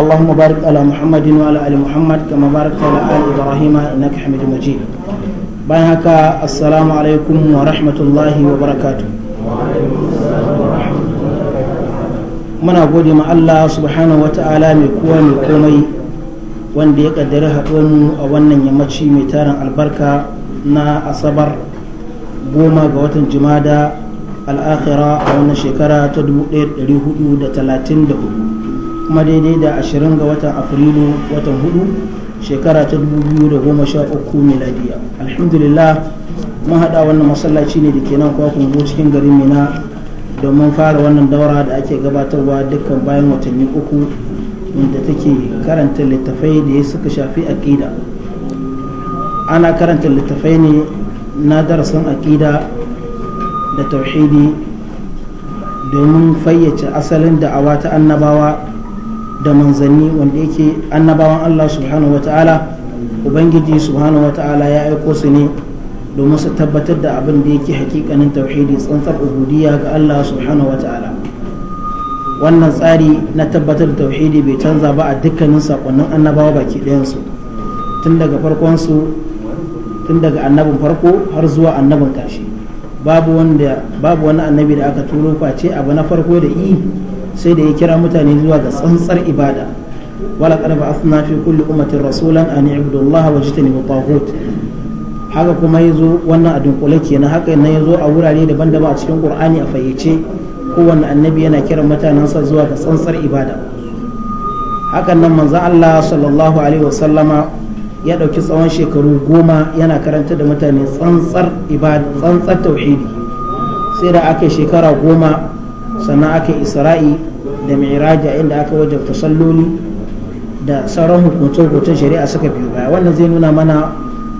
اللهم بارك على محمد وعلى ال محمد كما باركت على ال ابراهيم انك حميد مجيد بينك السلام عليكم ورحمه الله وبركاته وعليكم muna gode ma Allah subhanahu wa ta'ala mai kowa mai komai wanda ya kaddari mu a wannan yammaci mai tarin albarka na asabar goma ga watan jimada al'akhira a wannan shekara ta 1434 kuma daidai da 20 ga watan afrilu watan hudu shekara ta 2013 miladiya alhamdulillah mun haɗa wannan masallaci ne da ke nan kwakwun cikin garin mina domin fara wannan daura da ake gabatarwa dukkan bayan watanni uku wanda take karanta littafai da ya suka shafi aƙida ana karanta littafai ne na darasin aƙida da tauhidi domin fayyace asalin da'awa ta annabawa da manzanni wanda yake annabawan Allah subhanahu wa ta'ala ubangiji subhanahu wa ta'ala ya aiko su ne domin su tabbatar da abin da yake hakikanin tauhidi tsantsar ubudiyya ga Allah subhanahu wa ta'ala wannan tsari na tabbatar da tauhidi bai canza ba a dukkanin sakonnin annabawa baki ɗayansu tun daga farkonsu tun daga annabin farko har zuwa annabin ƙarshe babu wanda babu wani annabi da aka turo face abu na farko da i. sai da ya kira mutane zuwa ga tsantsar ibada wala qad ba'athna fi kulli ummatin rasulan an ya'budu allaha wa jtanibu taghut haka kuma yazo wannan a dunkule kenan haka nan yazo a wurare daban-daban a cikin qur'ani a fayyace kowanne annabi yana kira mutanansa zuwa ga tsantsar ibada hakan nan manzo Allah sallallahu alaihi wa sallama ya dauki tsawon shekaru goma yana karanta da mutane tsantsar ibada tsantsar tauhidi sai da aka shekara goma sannan aka yi isra'i da mi'raji inda aka wajabta salloli da sauran hukunce shari'a suka biyo baya wannan zai nuna mana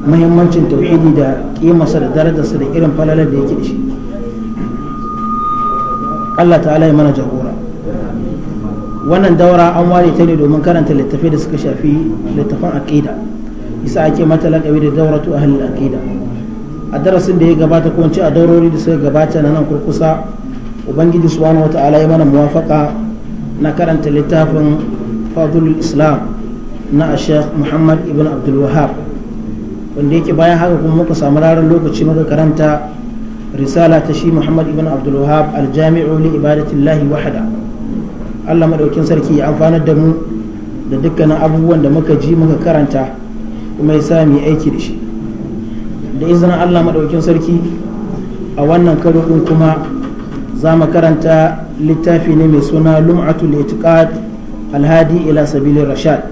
muhimmancin tauhidi da kimarsa da darajarsa da irin falalar da yake da shi Allah ta'ala ya mana jagora wannan daura an ware ta ne domin karanta littafai da suka shafi littafan aqida isa ake mata lakabi da dauratu a aqida a darasin da ya gabata ko a daurori da suka gabata na nan kurkusa ubangiji subhanahu wata'ala ya mana muwafaka na karanta littafin fadlul islam na sheikh muhammad ibn abdul wahab wanda yake bayan haka kuma muka samu rarar lokaci muka karanta risala ta shi muhammad ibn abdul wahab aljami'u li ibadatillahi wahda allah madaukin sarki ya amfanar da mu da dukkanin abubuwan da muka ji muka karanta kuma ya sa mu aiki da shi da izinin allah madaukin sarki a wannan karo kuma za mu karanta littafi ne mai suna lum'atul itiqad alhadi ila sabili rashad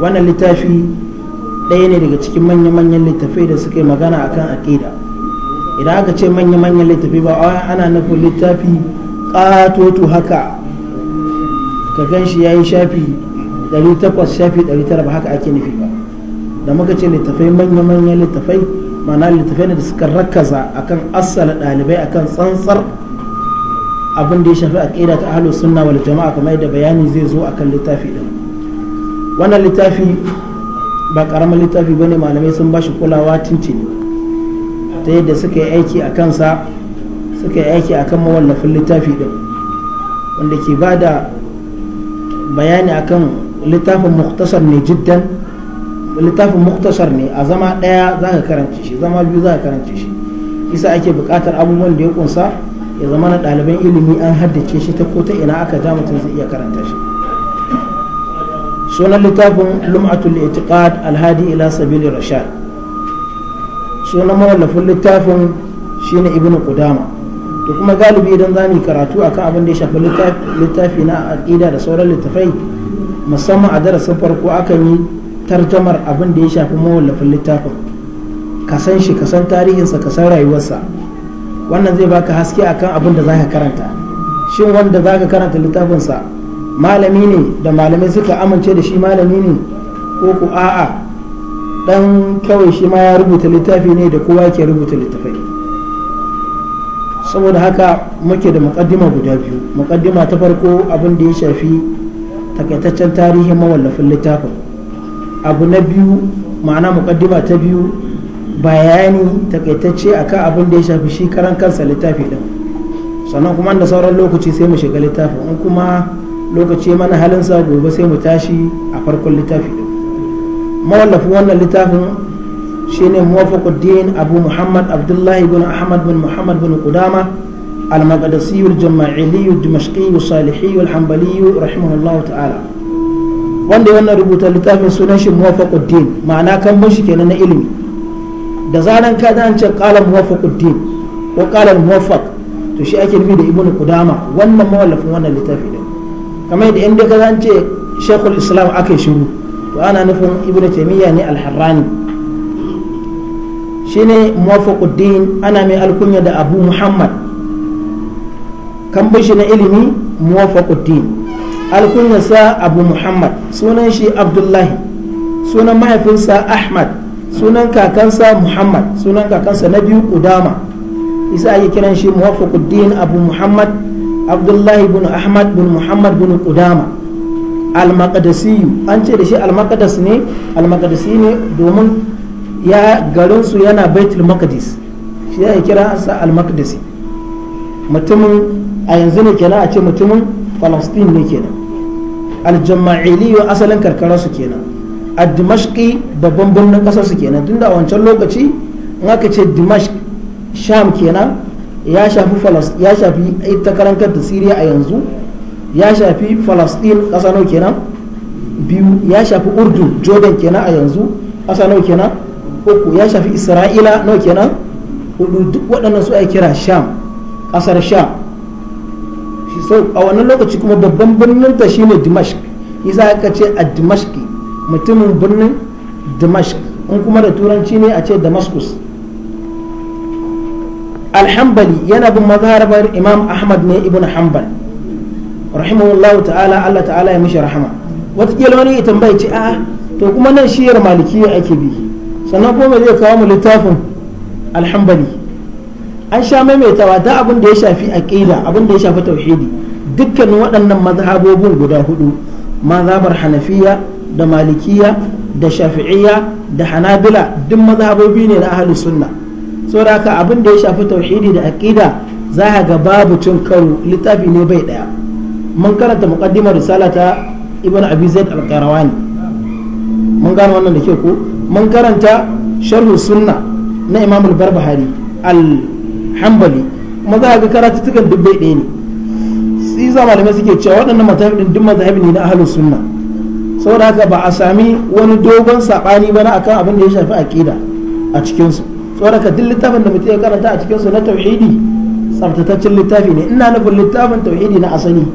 wannan littafi ɗaya ne daga cikin manya-manyan littafai da suka yi magana akan aƙida idan aka ce manya-manyan littafi ba ana nufin littafi ƙatoto haka ka gan shi ya yi shafi 800 shafi 900 ba haka ake nufi ba da muka ce littafai manya-manyan littafai mana littafai ne da suka rakaza akan asala ɗalibai akan tsantsar abin da ya shafi aqida ta ahlus sunna wal jama'a kamar yadda bayani zai zo akan littafi din wannan littafi ba karamin littafi bane malamai sun bashi kulawa tintini ta yadda suka yi aiki a kansa suka yi aiki akan mawallafin littafi din wanda ke ba da bayani akan littafin muktasar ne jiddan littafin muktasar ne a zama ɗaya za ka karance shi zama biyu za ka karance shi isa ake buƙatar abubuwan da ya kunsa ya zama na ɗaliban ilimi an haddace shi ta ko ta ina aka ja mutum zai iya karanta shi sunan littafin lum'atul itiqad alhadi ila sabili rashad sunan mawallafin littafin shine ibn qudama to kuma galibi idan za mu karatu akan abin da ya shafi littafi na aqida da sauran littafai musamman a darasin farko akan yi tarjamar abin da ya shafi mawallafin littafin ka san shi ka san tarihinsa ka san rayuwarsa wannan zai baka haske akan abin da zaka karanta shin wanda zaka karanta littafinsa malami ne da malamai suka amince da shi malami ne ko ku a'a dan kawai shi ma ya rubuta littafi ne da kowa ke rubuta littafai saboda haka muke da mukaddima guda biyu mukaddima ta farko abin da ya shafi takaitaccen tarihin mawallafin littafin abu na biyu ma'ana muƙaddima ta biyu bayani takaitacce akan abin da ya shafi shi karan kansa littafi din sannan kuma da sauran lokaci sai mu shiga littafin in kuma lokaci mana halin sa gobe sai mu tashi a farkon littafi din mawallafin wannan littafin shine muwafaquddin abu muhammad abdullahi bin ahmad bin muhammad bin qudama المقدسي الجماعلي الدمشقي الصالحي الحنبلي رحمه الله تعالى wanda wannan rubuta littafin sunan shi muwafaquddin ma'ana kan shi kenan na ilimi da zaran ka an ce qala muwafaquddin ko qala muwafaq to shi ake nufi da ibnu kudama wannan mawallafin wannan littafi din kamar yadda inda ka zan ce shaykhul islam aka shiru to ana nufin ibnu taymiya ne al-harrani shine muwafaquddin ana mai alkunya da abu muhammad kan shi na ilimi muwafaquddin alkunyarsa abu muhammad sunan shi abdullahi sunan mahaifinsa ahmad sunan kakansa muhammad sunan kakansa na biyu kudama isa ake kiran shi muwafaquddin abu muhammad abdullahi bin ahmad bin muhammad bin kudama almakadasiyu an ce da shi almakadas ne almakadasi ne domin ya garinsu yana baitul makadis shi ya kira sa almakadasi mutumin a yanzu ne kenan a ce mutumin falastin ne kenan aljama'iliyu asalin karkara su kenan a dimashki babban birnin kasar su kenan tunda a wancan lokaci in aka ce dimashk sham kenan ya shafi ya shafi ita karantar da siriya a yanzu ya shafi falastin kasa nau kenan biyu ya shafi urdun jordan kenan a yanzu kasa nau kenan uku ya shafi isra'ila nau kenan hudu duk waɗannan su a kira sham ƙasar sham so a wannan lokaci kuma babban birnin ta shine dimashq isa ka ce a dimashq mutumin birnin dimashq in kuma da turanci ne a ce damascus alhambali yana bin mazharabar imam ahmad ne ibn hanbal rahimahullah ta'ala allah ta'ala ya mishi rahama wataƙila wani ya tambaye ce a to kuma nan shiyar maliki ake bi sannan kuma zai kawo mu littafin alhambali an sha maimaitawa ta abin da ya shafi aqida abin da ya shafi tauhidi dukkanin waɗannan mazhabobin guda hudu mazhabar hanafiya da malikiya da shafi'iyya da hanabila duk mazhabobi ne na ahlus sunna saboda haka abin da ya shafi tauhidi da aqida za ka ga babu cin karo littafi ne bai daya mun karanta muqaddimar risala ta ibn abi zaid al-qarawani mun gano wannan da ke ko mun karanta sharh sunna na imam al-barbahari al hanbali kuma za ga karatuttukan duk bai ɗaya ne sai za malamai suke cewa waɗannan mazhabin duk mazhabi ne na sunna saboda haka ba a sami wani dogon saɓani ba na akan abin da ya shafi aƙida a cikinsu saboda ka duk littafin da mutum ya karanta a cikinsu na tauhidi tsaftataccen littafi ne ina nufin littafin tauhidi na asali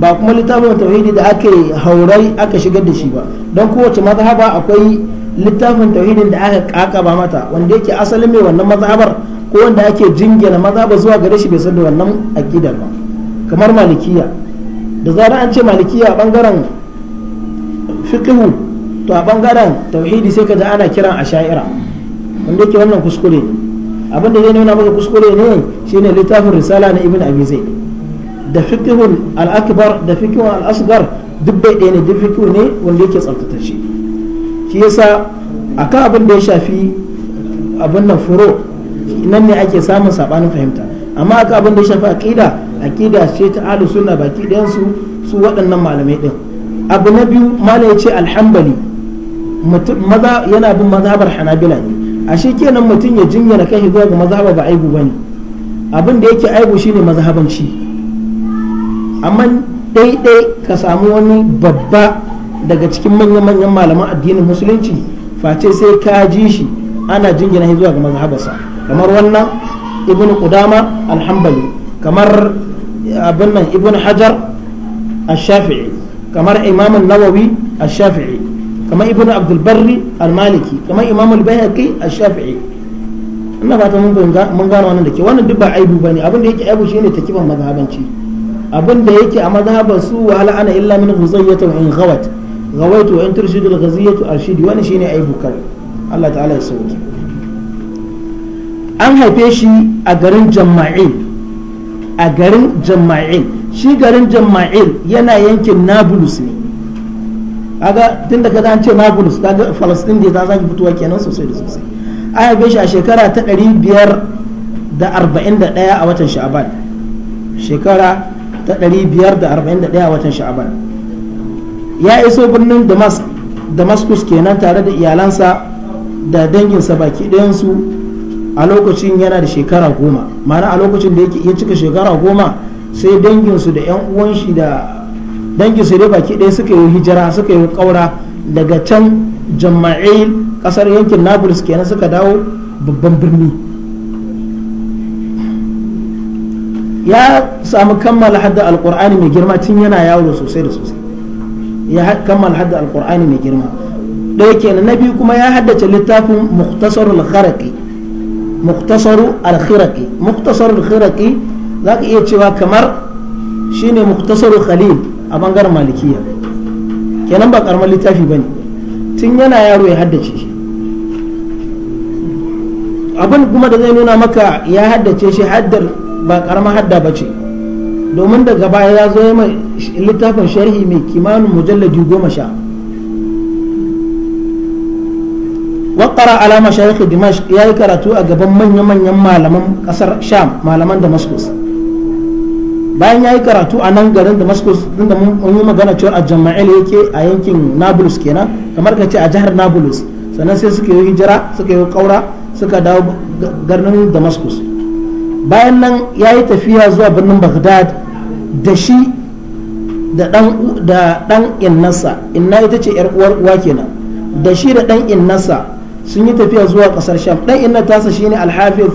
ba kuma littafin tauhidi da aka haurai aka shigar da shi ba don kowace mazhaba akwai littafin tauhidin da aka kakaba mata wanda yake asalin mai wannan mazhabar ko wanda ake jingina maza ba zuwa gare shi bai san da wannan aqidar ba kamar malikiya da zarar an ce malikiya a bangaren fiqhu to a bangaren tauhidi sai ka ji ana kiran asha'ira wanda yake wannan kuskure Abin abinda zai nuna maka kuskure ne shine littafin risala na ibn abi zaid da fiqhu al-akbar da fiqhu al-asghar duk bai ɗaya ne duk fiqhu ne wanda yake tsaftatacce shi yasa akan abin da ya shafi abin nan furo nan ne ake samun sabanin fahimta amma aka abin da ya shafi aqida aqida ce ta ahlus sunna baki ɗayan su su waɗannan malamai din abu na biyu mala ya ce alhambali yana bin mazhabar hanabila ne shi kenan mutum ya jinyana kai zuwa ga mazhaba ba aibu ne abin da yake aibu shine mazhabanci amma daidai ka samu wani babba daga cikin manya-manyan malaman addinin musulunci face sai ka ji shi ana jingina zuwa ga mazhabarsa kamar wannan ibn qudama al-hanbali kamar eh, abin nan ibn hajar al-shafi'i kamar imam an-nawawi al-shafi'i kamar ibn abdul barri al-maliki kamar imam al-bayhaqi al-shafi'i ina fata mun mun gano wannan da ke wannan duk ba aibu bane abin da yake aibu shine takiban mazhabanci abin da yake a mazhaban su wa ana illa min ghuzayyatu in ghawat ghawaitu wa in turshidu al-ghaziyatu arshidi wannan shine aibu kawai Allah ta'ala ya sauke an haife shi a garin jama'il a garin jama'il shi garin jama'il yana yankin nablus ne aga tun da kada an ce nablus kaga falastin da ta zaki fitowa kenan sosai da sosai an haife shi a shekara ta 541 a watan sha'aban shekara ta 541 a watan sha'aban ya iso birnin damascus kenan tare da iyalansa da danginsa baki ɗayansu a lokacin yana da shekara goma mana a lokacin da ya cika shekara goma sai danginsu da 'yan uwan shi da danginsu dai baki ɗaya suka yi hijira suka yi ƙaura daga can jama'il ƙasar yankin nablus kenan suka dawo babban birni ya samu kammala hadda alƙur'ani mai girma tun yana yawo sosai da sosai ya kammala hadda alƙur'ani mai girma ɗaya kenan na biyu kuma ya haddace littafin muktasarul kharaqi muktasaru al muktasaru al za ka iya cewa kamar shine muktasaru khalil a bangaren malikiya kenan ba karamar littafi bane tun yana yaro ya haddace shi abin kuma da zai nuna maka ya haddace shi haddar ba karamar hadda ba ce domin daga baya ya zo mai littafin sharhi mai kimanin mujalladi goma sha qara ala mashayikh dimashq yayi karatu a gaban manyan manyan malaman kasar sham malaman damascus bayan yayi karatu a nan garin damascus din da mun yi magana cewa a jama'il yake a yankin nablus kenan kamar ka ce a jihar nablus sannan sai suka yi hijira suka yi kaura suka dawo garin damascus bayan nan yayi tafiya zuwa birnin baghdad da shi da dan da dan innasa inna ita ce yar uwar uwa kenan da shi da dan innasa sun yi tafiya zuwa kasar sham dan inna tasa shine al-hafiz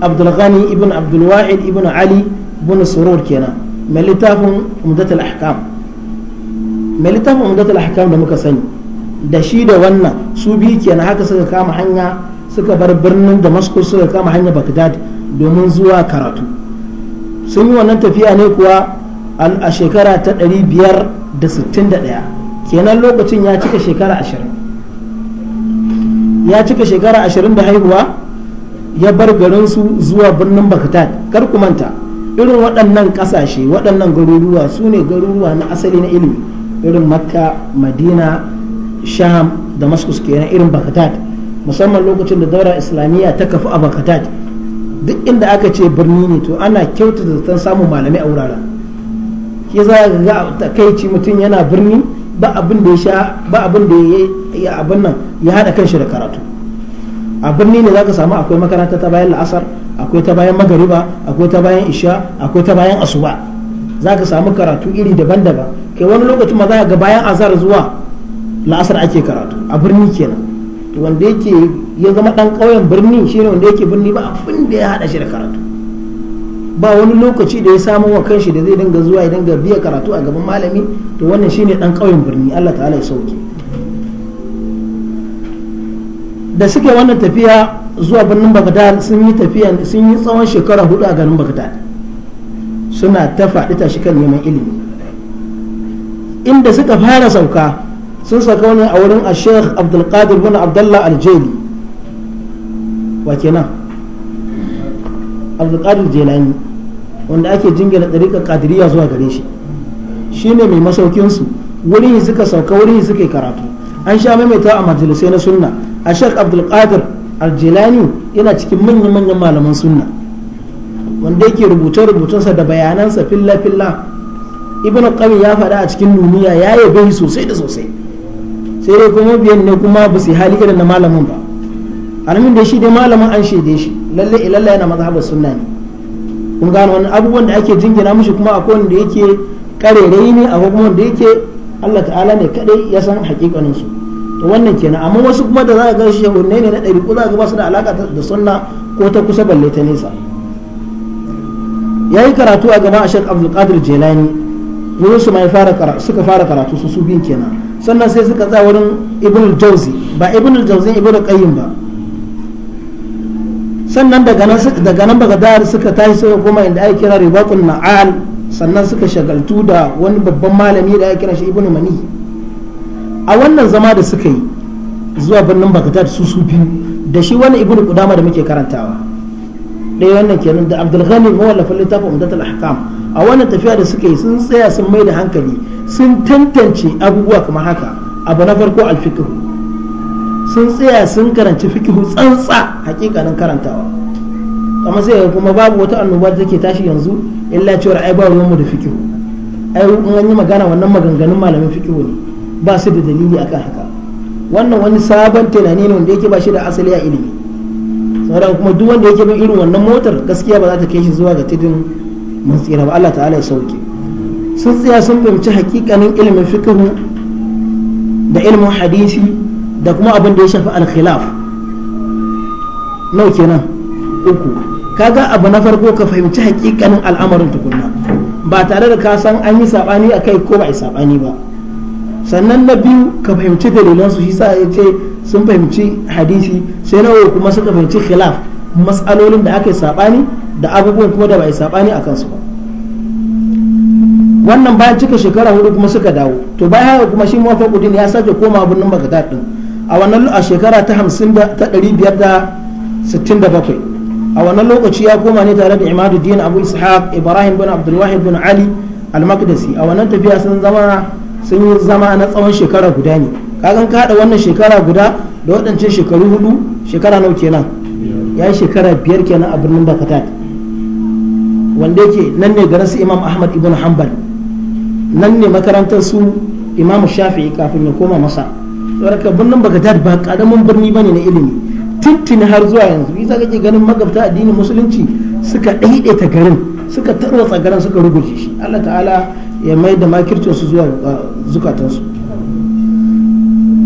abdul ghani ibn abdul wahid ibn ali ibn surur kenan mai littafin umdat al-ahkam mai littafin umdat al-ahkam da muka sani da shi da wannan su biyu kenan haka suka kama hanya suka bar birnin damascus suka kama hanya bagdad domin zuwa karatu sun yi wannan tafiya ne kuwa a shekara ta 561 kenan lokacin ya cika shekara ashirin. ya cika shekara ashirin da haihuwa ya bar garinsu zuwa birnin baghdad kar ku manta irin waɗannan ƙasashe waɗannan garuruwa su ne garuruwa na asali na ilimi irin makka madina sham damascus kenan irin baghdad musamman lokacin da daura islamiyya ta kafu a baghdad duk inda aka ce birni ne to ana kyautata zaton samun malamai a wuraren ke za ga takaici mutum yana birni ba abin da ya sha ba abin da ya abin nan ya hada shi da karatu a birni ne zaka samu akwai makaranta ta bayan la'asar akwai ta bayan magariba akwai ta bayan isha akwai ta bayan asuba zaka samu karatu iri daban-daban kai wani lokacin ma za ga bayan azar zuwa la'asar ake karatu a birni kenan to wanda yake ya zama dan ƙauyen birni shine wanda yake birni ba abin da ya hada shi da karatu ba wani lokaci da ya samu wa kanshi da zai dinga zuwa ya dinga biya karatu a gaban malami to wannan shine dan ƙauyen birni Allah ta'ala ya sauke da suke wannan tafiya zuwa birnin Baghdad sun yi tafiya sun yi tsawon shekara hudu a garin Baghdad suna ta faɗi shi kan neman ilimi inda suka fara sauka sun sauka wani a wurin a Sheikh Abdul Qadir bin Abdullah Al-Jaili wa kenan abdulkadir jelani wanda ake jingina ɗariƙar kadiriya zuwa gare shi shi ne mai masaukinsu wurin suka sauka wurin suka yi karatu an sha maimaita a majalisai na sunna a shek abdulkadir aljelani yana cikin manyan manyan malaman sunna wanda yake rubuce-rubucensa da bayanansa filla-filla ibn qayyim ya faɗa a cikin nuniya ya yabe sosai da sosai sai dai kuma biyan ne kuma ba su hali irin na malamin ba alamin da shi dai malamin an shaide shi lalle ilalla eh, yana mazhabar sunna ne kun gano wannan abubuwan da ake jingina mushi kuma akwai wanda yake karerai ne akwai kuma wanda yake Allah ta'ala ne kadai ya san hakikanin su to wannan kenan amma wasu kuma da za ka ga shehu ne ne na ɗari ko za ka ga su da alaka da sunna ko ta kusa balle ta nesa yayi karatu a gaban Sheikh Abdul Qadir Jilani wurin su mai fara karatu suka fara karatu su su bin kenan sannan sai suka tsaya wurin Ibn al-Jawzi ba Ibn al-Jawzi Ibn Qayyim ba sannan daga nan bagadar suka tashi suka koma inda ake kira ribatul na'al sannan suka shagaltu da wani babban malami da ake kira shi ibnu mani a wannan zama da suka yi zuwa birnin bagdad su su biyu da shi wani ibnu kudama da muke karantawa ɗaya wannan kenan da abdul ghani mawallafin littafin umdatul ahkam a wannan tafiya da suka yi sun tsaya sun mai da hankali sun tantance abubuwa kamar haka abu na farko alfiqh sun tsaya sun karanci fikihu tsantsa hakikanin karantawa amma sai kuma babu wata annoba da take tashi yanzu illa cewar ai ba ruwanmu da fikihu ai an yi magana wannan maganganun malamin fikihu ne ba su da dalili akan haka wannan wani sabon tunani ne wanda yake ba shi da asali a ilimi saboda kuma duk wanda yake bin irin wannan motar gaskiya ba za ta kai shi zuwa ga tudun mun tsira ba Allah ta'ala ya sauke sun tsaya sun fahimci hakikanin ilimin fikihu da ilimin hadisi da kuma abin da ya shafi alkhilaf nau kenan uku kaga abu na farko ka fahimci hakikanin al'amarin tukunna ba tare da ka san an yi sabani a kai ko ba a yi sabani ba sannan na biyu ka fahimci dalilan su shi sa ya ce sun fahimci hadisi sai na uku kuma suka fahimci khilaf matsalolin da aka yi sabani da abubuwan kuma da ba a yi sabani a kansu ba wannan bayan cika shekara hudu kuma suka dawo to bayan haka kuma shi kudin ya sake koma birnin bagdad din a wannan a shekara ta bakwai a wannan lokaci ya koma ne tare da imadu din abu ishaq ibrahim bin abdulwahid bin ali al makdasi a wannan tafiya sun zama sun yi zama na tsawon shekara guda ne kagan kada wannan shekara guda da waɗancan shekaru hudu shekara nau kenan ya shekara biyar kenan a birnin bakatat wanda yake nan ne garin su imam ahmad ibn hanbal nan ne makarantar su imam shafi'i kafin ya koma masa saboda birnin tafi ba karamin birni bane na ilimi tuntun har zuwa yanzu isa kake ganin magabta addinin musulunci suka ta garin suka tarwatsa garin suka rubuce shi Allah ta'ala ya mai da su zuwa uh, zukatansu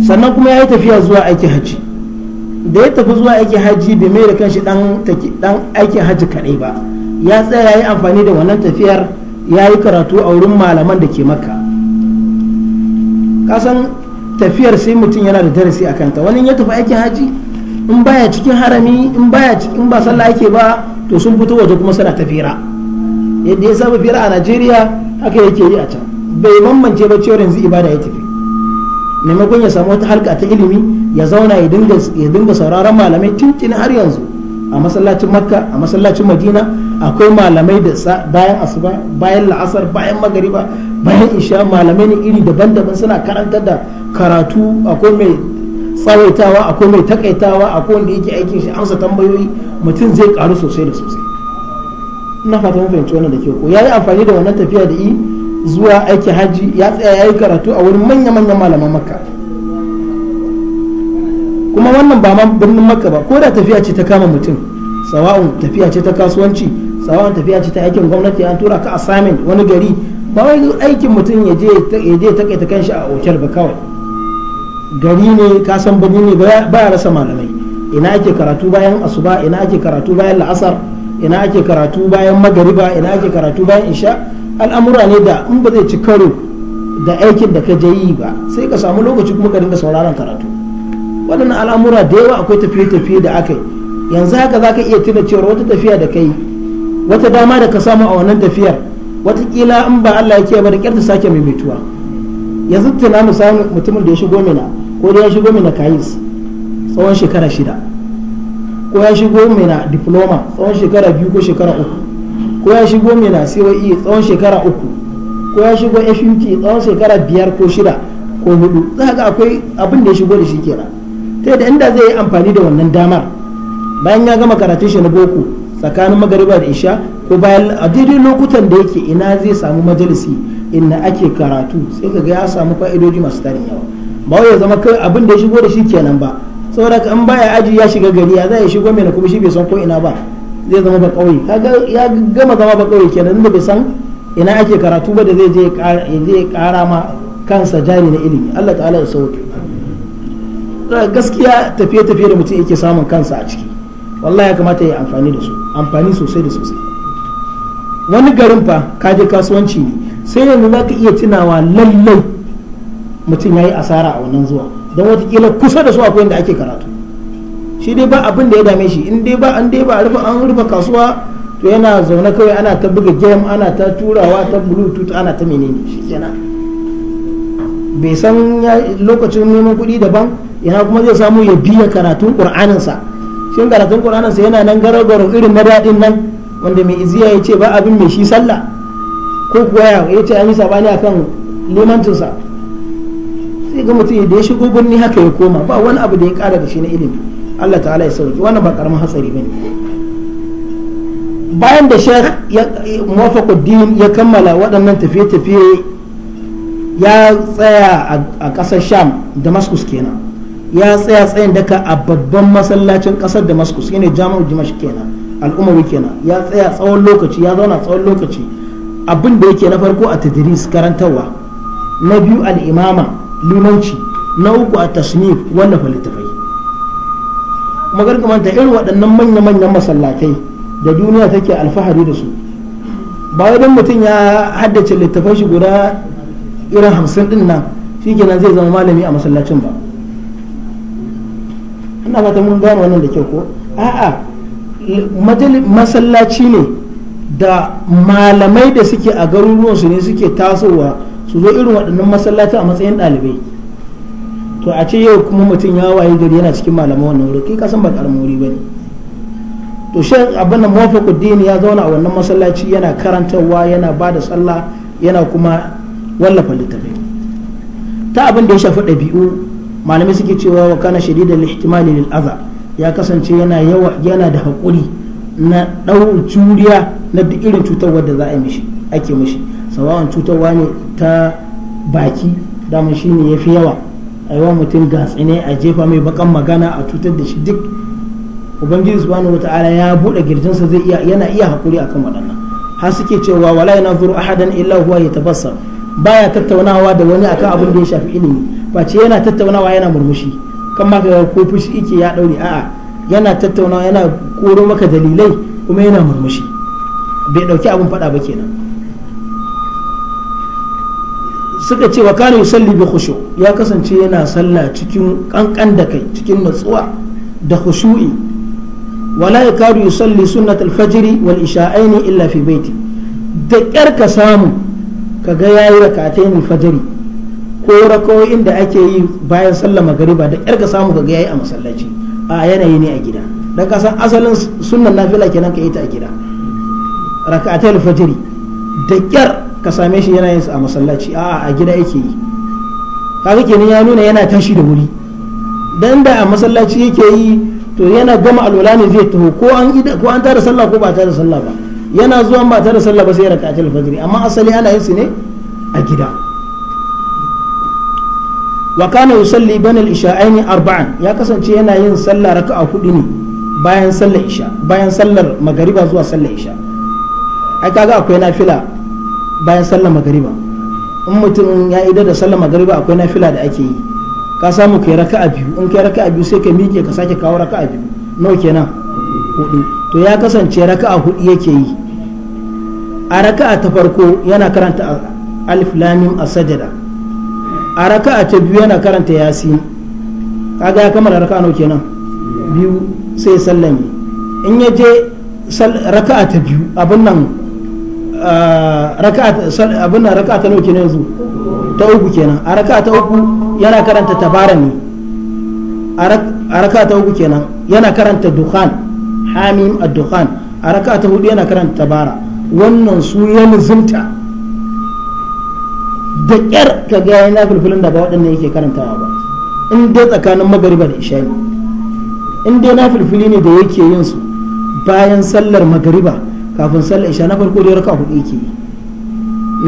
sannan kuma ya yi tafiya zuwa aikin hajji da ya tafi zuwa aikin hajji bai mai da kanshi dan aikin hajji kaɗai ba ya tsaya ya yi amfani da wannan tafiyar ya yi karatu a wurin malaman da ke maka. kasan tafiyar sai mutum yana da darasi a kanta wani ya tafi aikin haji in baya cikin harami in baya cikin ba sallah ake ba to sun fito waje kuma suna tafira yadda ya saba fira a Najeriya haka yake yi a can bai mamance ba cewar yanzu ibada ya tafi maimakon ya samu wata halka ta ilimi ya zauna ya dinga sauraron malamai tuntuni har yanzu a masallacin makka a masallacin madina akwai malamai da bayan asuba bayan la'asar bayan magariba bayan isha malamai ne iri daban-daban suna karantar da karatu akwai mai tsawaitawa akwai mai takaitawa akwai wanda yake aikin shi amsa tambayoyi mutum zai karu sosai da sosai ina fatan fahimci wannan da ke ko yayi amfani da wannan tafiya da yi zuwa aiki haji ya tsaya ya yi karatu a wurin manya-manyan malaman makka kuma wannan ba ma birnin makka ba ko da tafiya ce ta kama mutum sawa'un tafiya ce ta kasuwanci sawa'un tafiya ce ta aikin gwamnati an tura ka assignment wani gari ba wai aikin mutum ya je ya takaita kanshi a otal ba kawai gari ne ka san bani ne baya rasa malamai ina ake karatu bayan asuba ina ake karatu bayan la'asar ina ake karatu bayan magariba ina ake karatu bayan isha al'amura ne da in ba zai ci karo da aikin da ka je yi ba sai ka samu lokaci kuma ka dinga sauraron karatu waɗannan al'amura da yawa akwai tafiye-tafiye da aka yi yanzu haka za ka iya tuna cewa wata tafiya da ka yi wata dama da ka samu a wannan tafiyar watakila in ba Allah ya kiyaye ba da kyar ta sake maimaituwa yanzu tuna musamman mutumin da ya shigo mina ko ya shigo mina kayis tsawon shekara shida ko ya shigo mina diploma tsawon shekara biyu ko shekara uku ko ya shigo mina coe tsawon shekara uku ko ya shigo fuk tsawon shekara biyar ko shida ko hudu za ga akwai abin da ya shigo da shi kenan ta da inda zai yi amfani da wannan damar bayan ya gama karatun shi na boko tsakanin magariba da isha ko bayan a daidai lokutan da yake ina zai samu majalisi inda ake karatu sai ka ga ya samu fa'idoji masu tarin yawa ba ya zama kai abin da ya shigo da shi kenan ba saboda ka an baya aji ya shiga gari ya zai shigo mai kuma shi bai san ko ina ba zai zama ba kauye kaga ya gama zama ba kauye kenan da bai san ina ake karatu ba da zai je ya kara ma kansa jari na ilimi Allah ta'ala ya sauke gaskiya tafiye tafiye da mutum yake samun kansa a ciki wallahi ya kamata ya amfani da su amfani sosai da sosai wani garin fa kaje kasuwanci ne sai yanzu za ka iya tunawa lallai mutum ya yi asara a wannan zuwa don watakila kusa da su akwai da ake karatu shi dai ba abin da ya dame shi in dai ba an dai ba an rufe kasuwa to yana zaune kawai ana ta buga game ana ta turawa ta bluetooth ana ta menene shi kenan bai san lokacin neman kuɗi daban yana kuma zai samu ya biya karatun ƙur'aninsa shin karatun ƙur'aninsa yana nan garagaro irin na daɗin nan wanda mai iziya ya ce ba abin mai shi sallah ko kuwa ya ce an yi sabani akan limancinsa sai ga mutum da ya shigo birni haka ya koma ba wani abu da ya kara da shi na ilimi Allah ta'ala ya sauki wannan ba karamin hatsari bane bayan da sheikh muwafaquddin ya kammala waɗannan tafiye-tafiye ya tsaya a ƙasar sham damascus kenan ya tsaya tsayin daka a babban masallacin ƙasar damascus shine jami'ar dimash kenan al'umari kenan ya tsaya tsawon lokaci ya zauna tsawon lokaci abin da yake na farko a tadris karantarwa na biyu al'imama limanci na uku a tasnif wallafa litattafai kuma gargamanta irin waɗannan manya-manyan masallatai da duniya take alfahari da su ba don mutum ya haddace littafai shi guda irin hamsin din nan shi kenan zai zama malami a masallacin ba ina fata mun gane wannan da kyau ko a'a masallaci ne da malamai da suke a garuruwansu ne suke tasowa su zo irin waɗannan masallaci a matsayin ɗalibai to a ce yau kuma mutum ya waye gari yana cikin malaman wannan wuri kai kasan ba karamori ba ne to shi abin da muwafaquddin ya zauna a wannan masallaci yana karantarwa yana ba da sallah yana kuma wallafa littafai ta abin da ya shafi ɗabi'u malamai suke cewa wa kana da lihtimali lil aza ya kasance yana yawa yana da haƙuri na ɗau juriya na duk irin cutar wadda za a yi mishi ake mishi sawawan cutarwa ne ta baki damar shi ne ya fi yawa a yawan mutum gatsi ne a jefa mai bakan magana a cutar da shi duk ubangiji subhanahu wataala ya buɗe girjinsa zai iya yana iya hakuri akan waɗannan ha suke cewa wala yanzuru ahadan illa huwa ba baya tattaunawa da wani akan abin da ya shafi ilimi face yana tattaunawa yana murmushi kan ma ga ko fushi yake ya daure a'a yana tattaunawa yana koro maka dalilai kuma yana murmushi bai dauki abin faɗa ba kenan suka ce wa kana yusalli bi khushu ya kasance yana sallah cikin kankan da kai cikin natsuwa da khushu'i wala yakadu yusalli sunnat al-fajr wal isha'aini illa fi baiti da kyar ka samu kaga yayi rak'atayn fajr ko rakawoyin da ake yi bayan sallah magariba da kyar ka samu kaga yayi a masallaci a yanayi ne a gida dan ka san asalin sunnan nafila kenan ka yi ta a gida rak'atayn fajr da kyar ka same shi yana yin a masallaci a a gida yake yi kaga kenan ya nuna yana tashi da wuri dan da a masallaci yake yi to yana gama alwala ne zai taho ko an ko an tada sallah ko ba tada sallah ba yana zuwa ba tada sallah ba sai raka'atul fajr amma asali ana yin su ne a gida wa kana yusalli banal isha'aini arba'an ya kasance yana yin sallah raka'a hudu ne bayan sallar isha bayan sallar magariba zuwa sallar isha ai kaga akwai nafila bayan sallar magariba in mutum ya idar da sallar magariba akwai nafila da ake yi ka samu kai raka'a biyu in kai raka'a biyu sai ka miƙe ka sake kawo raka'a biyu nawa kenan hudu to ya kasance raka'a hudu yake yi a raka'a ta farko yana karanta alif lamim as-sajda a raka'a ta biyu yana karanta yasin kaga ya kamar raka'a nawa kenan biyu sai sallame in ya je raka'a ta biyu abin nan abin nan raka'a ta nawa kenan yanzu ta uku kenan a raka ta uku yana karanta tabara ne a raka ta uku kenan yana karanta dukhan hamim a dukhan a raka ta hudu yana karanta tabara wannan su ya luzumta da ƙyar ka ga na filfilin da ba waɗannan yake karantawa ba in dai tsakanin magariba da isha ne in dai na filfili ne da yake yin su bayan sallar magariba kafin sallar isha na farko dai raka'a hudu yake yi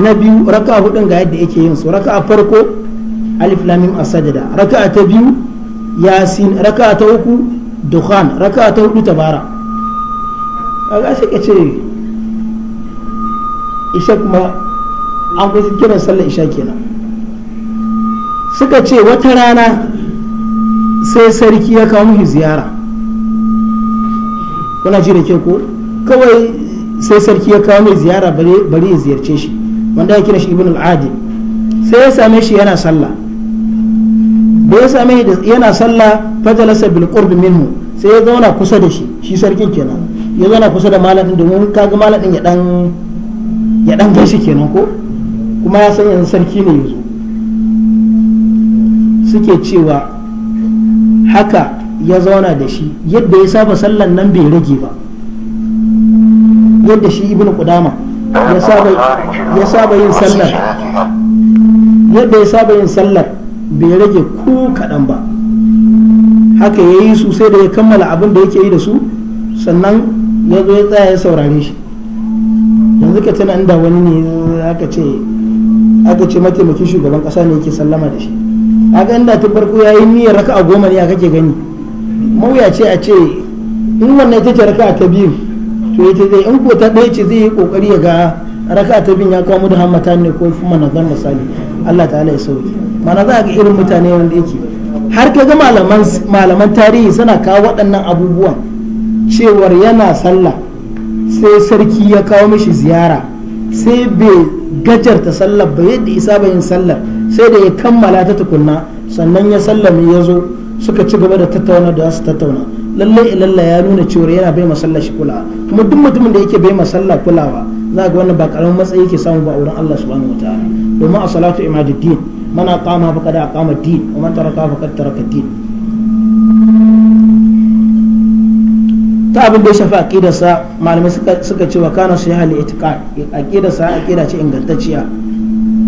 na biyu raka'a hudun ga yadda yake yin su raka'a farko alif lam mim as raka'a ta biyu yasin raka'a ta uku dukhan raka'a ta hudu tabara kaga sai ka ce isha kuma an kusa kiran sallar isha kenan suka ce wata rana sai sarki ya kawo mushi ziyara kuna ji da ke ko kawai sai sarki ya kawo mai ziyara bari ya ziyarce shi wanda ya kira shi ibn al-adi sai ya same shi yana sallah da ya same shi yana sallah fajalasa bil qurb minhu sai ya zauna kusa da shi shi sarkin kenan ya zauna kusa da malamin domin kaga malamin ya dan ya dan gaishe kenan ko kuma ya san yanzu sarki ne yanzu suke cewa haka ya zauna da shi yadda ya saba sallan nan bai rage ba yadda shi ibn kudama ya saba yin sallar yadda ya saba yin sallar bai rage ko kaɗan ba haka ya yi su sai da ya kammala abin da yake yi da su sannan ya zo ya tsaya ya saurare shi yanzu ka tana inda wani ne aka ce aka ce mataimakin shugaban kasa ne yake sallama da shi aka inda ta farko ya yi niyyar raka a goma ne a kake gani mawuyace a ce in wannan ita ce raka ta biyu to yace zai in ko ta ɗaya ce zai yi kokari ya ga raka ta bin ya kawo da hammata ne ko kuma na zan misali Allah ta ya sauki mana za a ga irin mutane wanda yake har ka ga malaman malaman tarihi suna kawo waɗannan abubuwan cewar yana sallah sai sarki ya kawo mishi ziyara sai bai gajarta sallar ba yadda isa yin sallar sai da ya kammala ta tukunna sannan ya sallame ya zo suka ci gaba da tattauna da su tattauna lallai ilalla ya nuna cewa yana bai masalla kulawa kuma duk mutumin da yake bai masalla kulawa za ga wannan ba karamin matsayi yake samu ba wurin Allah subhanahu wataala domin a salatu imaduddin man aqama faqad aqama din wa man taraka faqad taraka din ta abin da ya shafi aqidarsa malamai suka cewa kana su hali itiqad aqidarsa aqida ce ingantacciya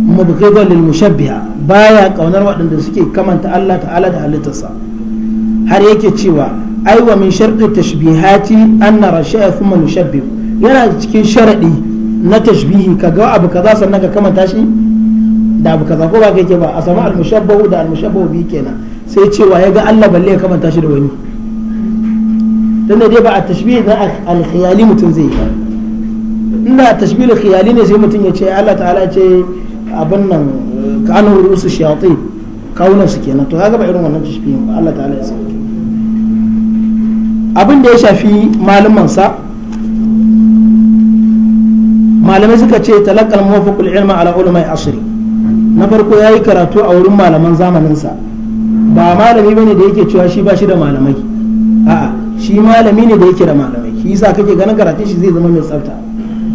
mubghidun lil mushabbiha baya kaunar waɗanda suke kamanta Allah ta'ala da halittarsa har yake cewa ai wa min sharqi tashbihati anna rasha'a thumma nushabbih yana cikin sharaɗi na tashbihi ka kaga abu kaza sannan ka kamanta shi da abu kaza ko ba kai ke ba a samu al-mushabbahu da al-mushabbahu bi kenan sai cewa ya ga Allah balle ya kamanta shi da wani dan dai ba a tashbih na al-khiyali mutun zai yi ina tashbih al-khiyali ne sai mutum ya ce Allah ta'ala ce abin nan ka anhu rusu shayatin kawunan su kenan to kaga ba irin wannan tashbihin ba Allah ta'ala ya sauke abin da ya shafi malumansa malamai suka ce talakal mawafakul ilma ala ulumai asiri na farko ya yi karatu a wurin malaman zamaninsa ba malami bane da yake cewa shi ba shi da malamai a'a shi malami ne da yake da malamai shi yasa kake ganin karatun shi zai zama mai tsafta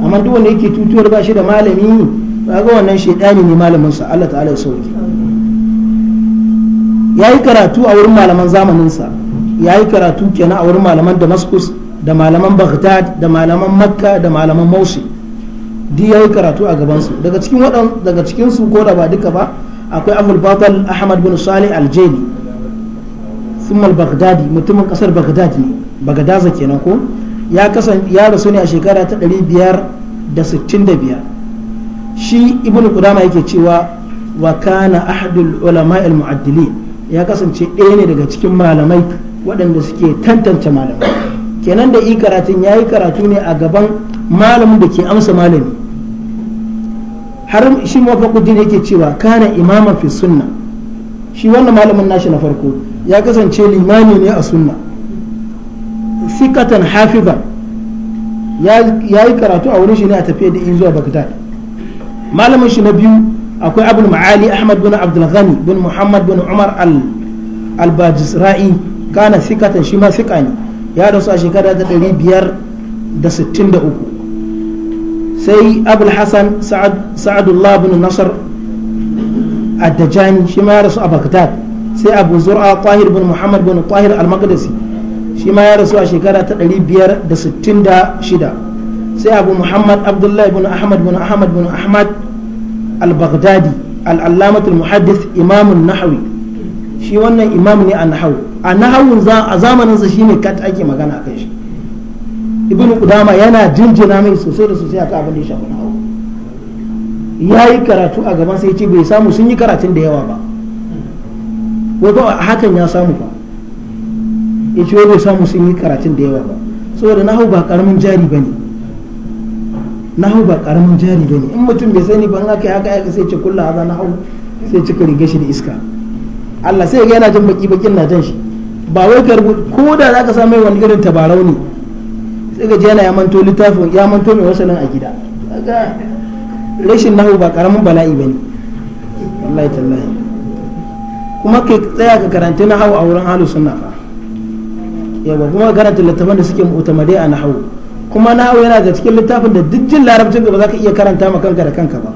amma duk wanda yake tutuwar ba shi da malami kaga wannan shedani ne malamin sa Allah ta'ala ya sauke yayi karatu a wurin malaman zamaninsa. sa ya yi karatu kenan a wurin malaman damascus da malaman baghdad da malaman makka da malaman maushi di ya yi karatu a gabansu daga cikin waɗan daga cikin ko da ba duka ba akwai abul batal ahmad bin salih aljeli thumma baghdadi mutumin kasar baghdad ne bagdaza kenan ko ya kasan ya rasu ne a shekara ta 565 shi ibn qudama yake cewa wa kana ahadul ulama al mu'addili ya kasance ɗaya ne daga cikin malamai waɗanda suke tantance malamai kenan da yi karatun ya yi karatu ne a gaban malamin da ke amsa malami har shi mafakuddin yake cewa kana imaman fi sunna shi wannan malamin nashi na farko ya kasance limami ne a sunna fikatan hafiza ya yi karatu a wurin shi ne a tafiya da zuwa bagdad malamin shi na biyu akwai abul ma'ali ahmad bin abdul ghani bin muhammad bin umar al-bajisra'i kana sikatan shi ma sika ne ya rasu a shekara ta ɗari biyar da da sittin uku sai abul hasan sa'adullah bin nasar addajani shi ma ya rasu a bagdad sai abu zur'a tahir bin muhammad bin tahir al-maqdisi shi ma ya rasu a shekara ta ɗari biyar da da sittin shida sai abu muhammad abdullahi bin ahmad bin ahmad bin ahmad al-baghdadi al-allamatul muhaddis imamun nahawi shi wannan imam ne a nahawu a nahawun a zamaninsa shi ne kat ake magana a kan shi ibn Kudama yana jinjina mai sosai da sosai akan abin da ya shafi nahawu ya yi karatu a gaban sai ce bai samu sun yi karatun da yawa ba wato hakan ya samu ba ya ce bai samu sun yi karatun da yawa ba saboda nahawu ba karamin jari ba ne nahawu ba karamin jari ba ne in mutum bai sani ban haka ya haka sai ce kullu haza nahawu sai cika rigashi da iska Allah sai ga yana jan baki bakin na jan shi ba wai ka rubuta ko da za ka samu wani irin tabarau ne sai ga yana ya manto littafin ya manto mai wasanin a gida kaga rashin nahu ba karamin bala'i bane wallahi tallahi kuma ke tsaya ka karanta nahu a wurin halu sunna fa yawa kuma karanta littafin da suke mu'tamadai a nahu kuma nahu yana da cikin littafin da duk jin larabcin da ba za ka iya karanta ma kanka da kanka ba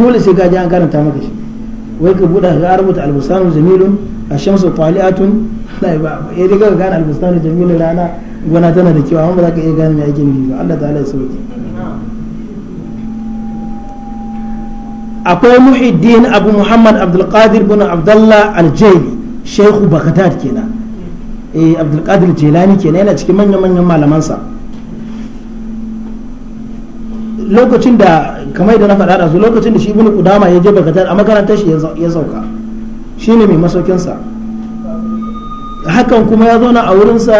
dole sai ka ji an karanta maka shi wai ka buɗa ga rubuta albusanu jamilun a shamsu taliatun ya eh, dai ga gane albusanu jamilun rana gona tana da kyau amma ba za ka iya gane mai aikin biyu Allah ta'ala ya sauke akwai muhiddin abu muhammad abdulkadir bin abdullah aljaili shehu baghdad kenan eh abdulkadir jelani kenan yana cikin manyan manyan malamansa lokacin da kamar da na faɗa da su lokacin da shi ibnu kudama ya je bakatar a makarantar shi ya sauka shi ne mai masaukinsa hakan kuma ya zauna a wurinsa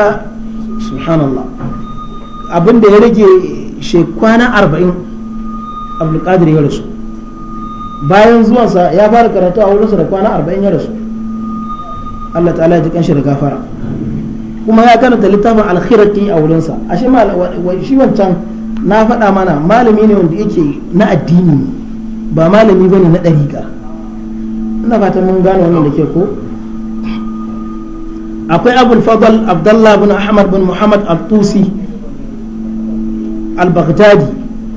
subhanallah abin da ya rage shekwana arba'in abdulkadir ya rasu bayan zuwansa ya fara karatu a wurinsa da kwana arba'in ya rasu Allah ta'ala ya ji kanshi da gafara kuma ya karanta littafin alkhirati a wurinsa a shi wancan na faɗa mana malami ne wanda yake na addini ba malami bane na ɗariƙa ina fatan mun gane wannan da ke ko akwai abul fadl abdullah bin ahmad bin muhammad al-tusi al-baghdadi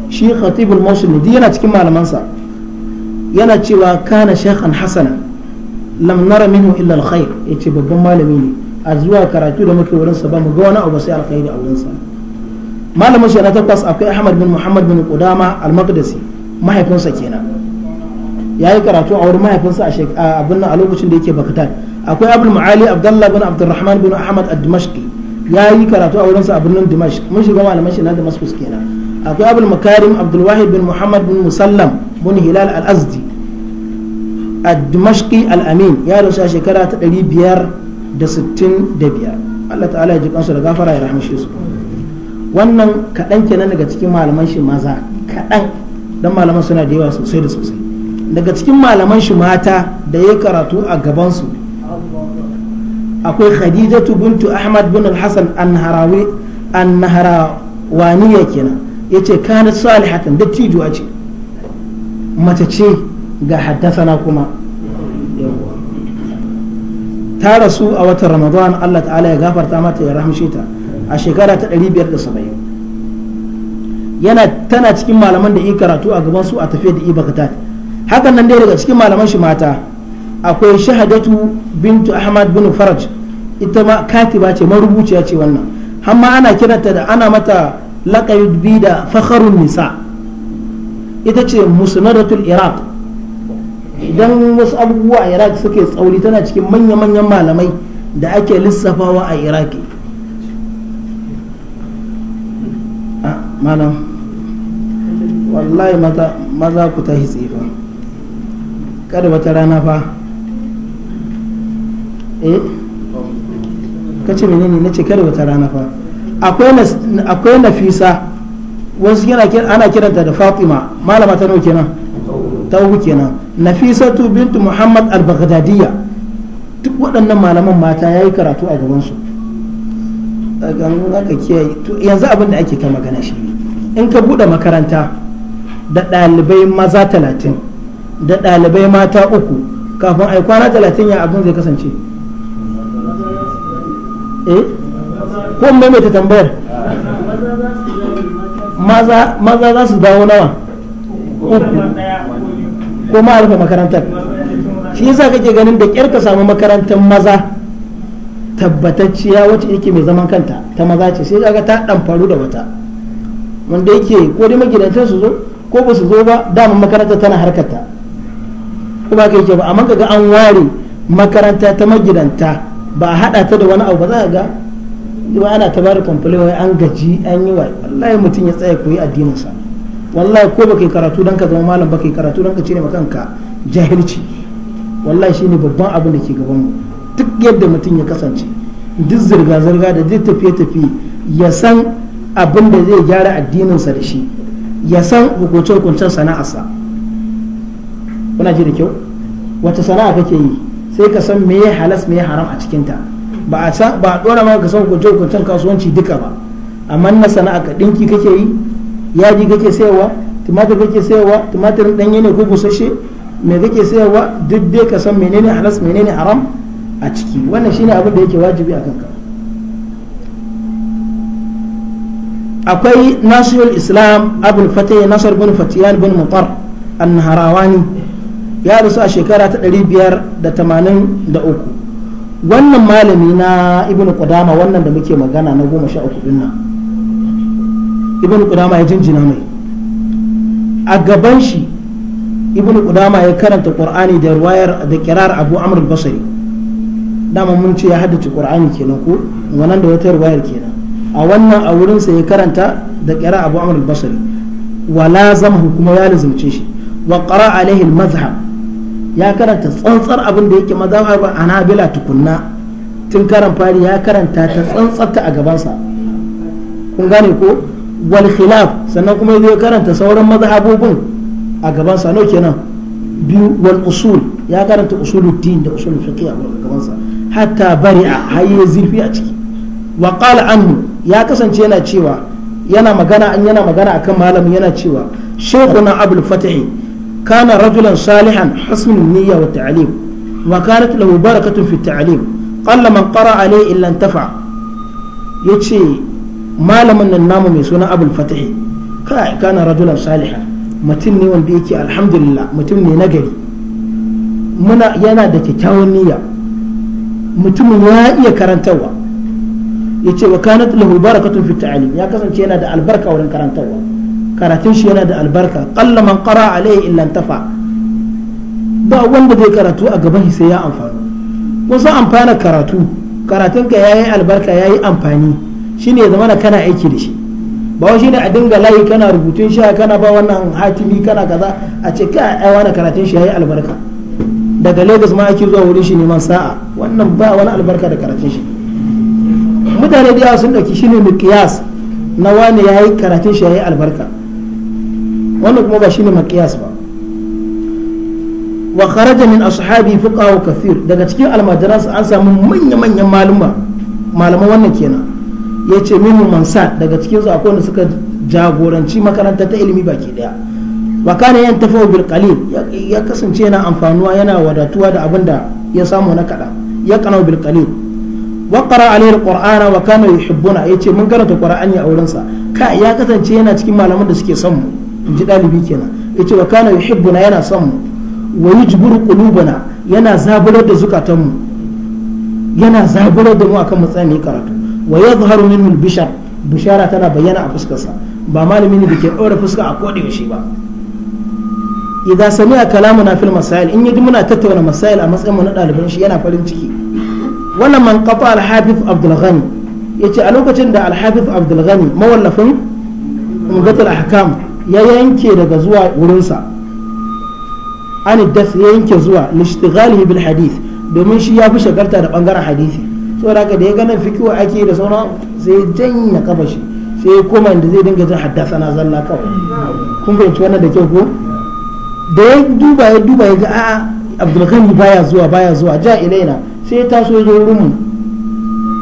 shi khatib al ne yana cikin malamansa yana cewa kana shaykhan hasana lam nara minhu illa al-khair yace babban malami ne a zuwa karatu da muke wurin sa ba mu ga wani abu sai alkhairi a wurin sa malamin shi na takwas akwai ahmad bin muhammad bin kudama al-maqdisi mahaifinsa kenan ya yi karatu a wurin mahaifinsa a abin a lokacin da yake bakatar akwai abul ma'ali abdullah bin abdurrahman bin ahmad ad-dimashqi ya yi karatu a wurinsa a birnin dimashq mun shiga malamin shi na damascus kenan akwai abul makarim abdul wahid bin muhammad bin musallam bin hilal al-azdi ad-dimashqi al-amin ya rusa a shekara ta 565 Allah ta'ala ya ji kansu da gafara ya shi su wannan kaɗan kenan daga cikin malaman shi maza kaɗan don malaman suna da yawa sosai da sosai daga cikin malaman shi mata da ya karatu a gabansu akwai khadijatu bintu ahmad bin al-hasan an-naharawi an-naharawaniya kenan yace kanat salihatan tijuwa ce mace ce ga haddasana kuma ta rasu a watan ramadan Allah ta'ala ya gafarta mata ya rahamshe ta a shekara ta 570 yana tana cikin malaman da yi karatu a gaban su a tafiya da ibakatat hakan nan dai daga cikin malaman shi mata akwai shahadatu bintu ahmad bin faraj ita ma katiba ce marubuciya ce wannan amma ana kiranta da ana mata lakabi bi da fakharun nisa ita ce musnadatul iraq idan wasu abubuwa a iraq suke tsauri tana cikin manya-manyan malamai da ake lissafawa a iraki malam wallahi maza ku hitsi tsefa kada wata rana fa eh kace menene nace kada wata rana fa akwai nafisa wasu yana ana kiranta da fatima malama ta nau kenan ta uku kenan nafisatu bintu muhammad al-baghdadiyya duk waɗannan malaman mata yayi karatu a gaban su yanzu abin da ake ta magana shi in ka bude makaranta da ɗalibai maza talatin da ɗalibai mata uku kafin ai kwana talatin ya abin zai kasance eh ko mai mai ta tambayar maza za su dawo nawa uku ko ma makarantar shi yasa kake ganin da kyar ka samu makarantar maza tabbatacciya wacce yake mai zaman kanta ta maza ce sai kaga ta dan faru da wata wanda yake ko dai magidantar su zo ko ba su zo ba dama makaranta tana harkata ko ba ka yake ba amma kaga an ware makaranta ta magidanta ba a hada ta da wani abu ba za ka ga ba ana ta bada da wai an gaji an yi wai wallahi mutum ya tsaya koyi addininsa wallahi ko baka yi karatu dan ka zama malam baka yi karatu dan ka cire ma kanka jahilci wallahi shine babban abin da ke gaban mu duk yadda mutum ya kasance duk zirga-zirga da duk tafiye-tafiye ya san abin da zai gyara addininsa da shi ya san hukuncin sana'arsa kuna ji da kyau wata sana'a kake yi sai ka san meye halas meye haram a cikinta ba a san ba dora ma ka san hukuncin hukuncin kasuwanci duka ba amma na sana'a ka dinki kake yi yaji kake sayarwa tumatir kake sayarwa tumatirin danye ne ko busasshe me kake sayarwa duk dai ka san menene halas menene haram a ciki wannan shine abin da yake wajibi a kanka akwai nasirul islam abul fatih nasar bin fatiyan bin mutar annaharawani ya rasu a shekara ta 583 wannan malami na ibn qudama wannan da muke magana na goma sha uku ibn qudama ya jinjina mai a gaban shi ibn qudama ya karanta qur'ani da riwayar da kirar abu amr basri dama mun ce ya haddace qur'ani kenan ko wannan da wata riwayar kenan a wannan a wurin sa ya karanta da qira abu amr al-basri wa lazamahu kuma ya lazumce shi wa qara alaihi al-mazhab ya karanta tsantsar abin da yake mazhab ana bila tukunna tun karan fari ya karanta ta tsantsar ta a gaban sa kun gane ko wal khilaf sannan kuma ya karanta sauran mazhabobin a gaban sa no kenan biyu wal usul ya karanta usuluddin da usulul fiqh a gaban sa hatta bari'a har ya zirfi a ciki wa qala anhu ya kasance yana cewa yana magana an yana magana akan malamin yana cewa shaykhuna abul fatih kana rajulan salihan husnul niyya wa ta'lim wa kanat lahu barakatun fi ta'lim qalla man qara alayhi illa intafa yace malamin nan namu mai suna abul fatih kai kana rajulan salihan mutum ne wanda yake alhamdulillah mutum ne nagari muna yana da kyakkyawan niyya mutumin ya iya karantarwa ya ce wa kanat lahu barakatun fi ta'alim ya kasance yana da albarka wurin karantarwa karatun shi yana da albarka qalla man qara alayhi illa tafa ba wanda zai karatu a gaban shi sai ya amfana wasu amfana karatu karatun ka yayi albarka yayi amfani shine ya zamana kana aiki da shi ba wai shine a dinga layi kana rubutun shi kana ba wannan hatimi kana kaza a ce ka ai wani karatun shi yayi albarka daga lagos ma ake zuwa wurin shi neman sa'a wannan ba wani albarka da karatun shi mutane da yawa sun ɗauki shi ne makiyas na wani ya yi karatun shi ya yi albarka wannan kuma ba shi ne makiyas ba wa kharaja min ashabi fuqahu kafir daga cikin almajiransa an samu manya-manyan maluma malaman wannan kenan yace ce mansad mansa daga cikin su akwai wanda suka jagoranci makaranta ta ilimi baki daya wa kana tafi bil qalil ya kasance yana amfanuwa yana wadatuwa da abin da ya samu na kada ya kana bil qalil wa qara alayhi alqur'ana wa kana yuhibbuna yace mun karanta kur'ani a wurin sa ka ya kasance yana cikin malaman da suke son mu in ji dalibi kenan yace wa kana yuhibbuna yana son mu wa yujburu qulubana yana zaburar da zukatan mu yana zaburar da mu akan matsayin ya karatu wa yadhharu minhu bishara tana bayyana a fuskarsa ba malami ne da ke ɗora fuska a yaushe ba idan sami'a kalamuna fil masail in yaji muna tattauna masail a matsayin mu na ɗaliban shi yana farin ciki wannan man qata al hafiz abdul ghani yace a lokacin da al hafiz abdul ghani mawallafin umdatul ahkam ya yanke daga zuwa wurinsa an ya yanke zuwa lishtighalihi bil hadith domin shi ya fi shagarta da bangaren hadisi saboda haka da ya ganin fikiwa ake da sauran sai janya kafa shi sai ya koma inda zai dinga jin haddasa na zalla kawai kun fahimci wannan da kyau ko da ya duba ya duba ya ga a'a abdulghani baya zuwa baya zuwa ja ilaina sai ya taso ya zo rumu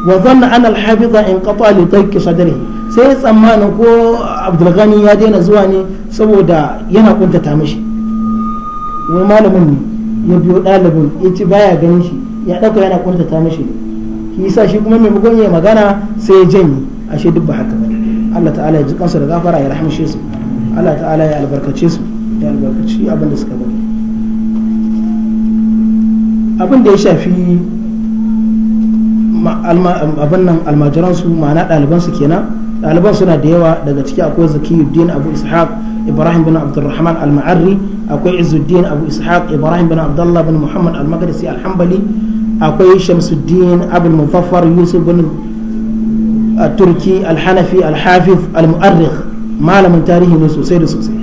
wa zanna an alhafiza in qata li dayki sadri sai tsammanin ko abdulghani ya daina zuwa ne saboda yana kuntata mishi wa malamin ne ya biyo ɗalibin ya ci baya ganin shi ya dauka yana kuntata mishi shi yasa shi kuma maimakon ya magana sai ya janye ashe duk ba haka ba Allah ta'ala ya ji kansa da gafara ya rahamshe su Allah ta'ala ya albarkace su ya albarkaci abin da suka bari abin da ya shafi abin nan almajiransu ma'ana ɗalibansu kenan ɗaliban suna da yawa daga ciki akwai zakiyuddin abu ishaq ibrahim bin abdulrahman al-ma'arri akwai izuddin abu ishaq ibrahim bin abdullah bin muhammad al magadisi al hambali akwai shamsuddin abu mufaffar yusuf bin turki al-hanafi al-hafiz al-mu'arrikh malamin tarihi ne sosai da sosai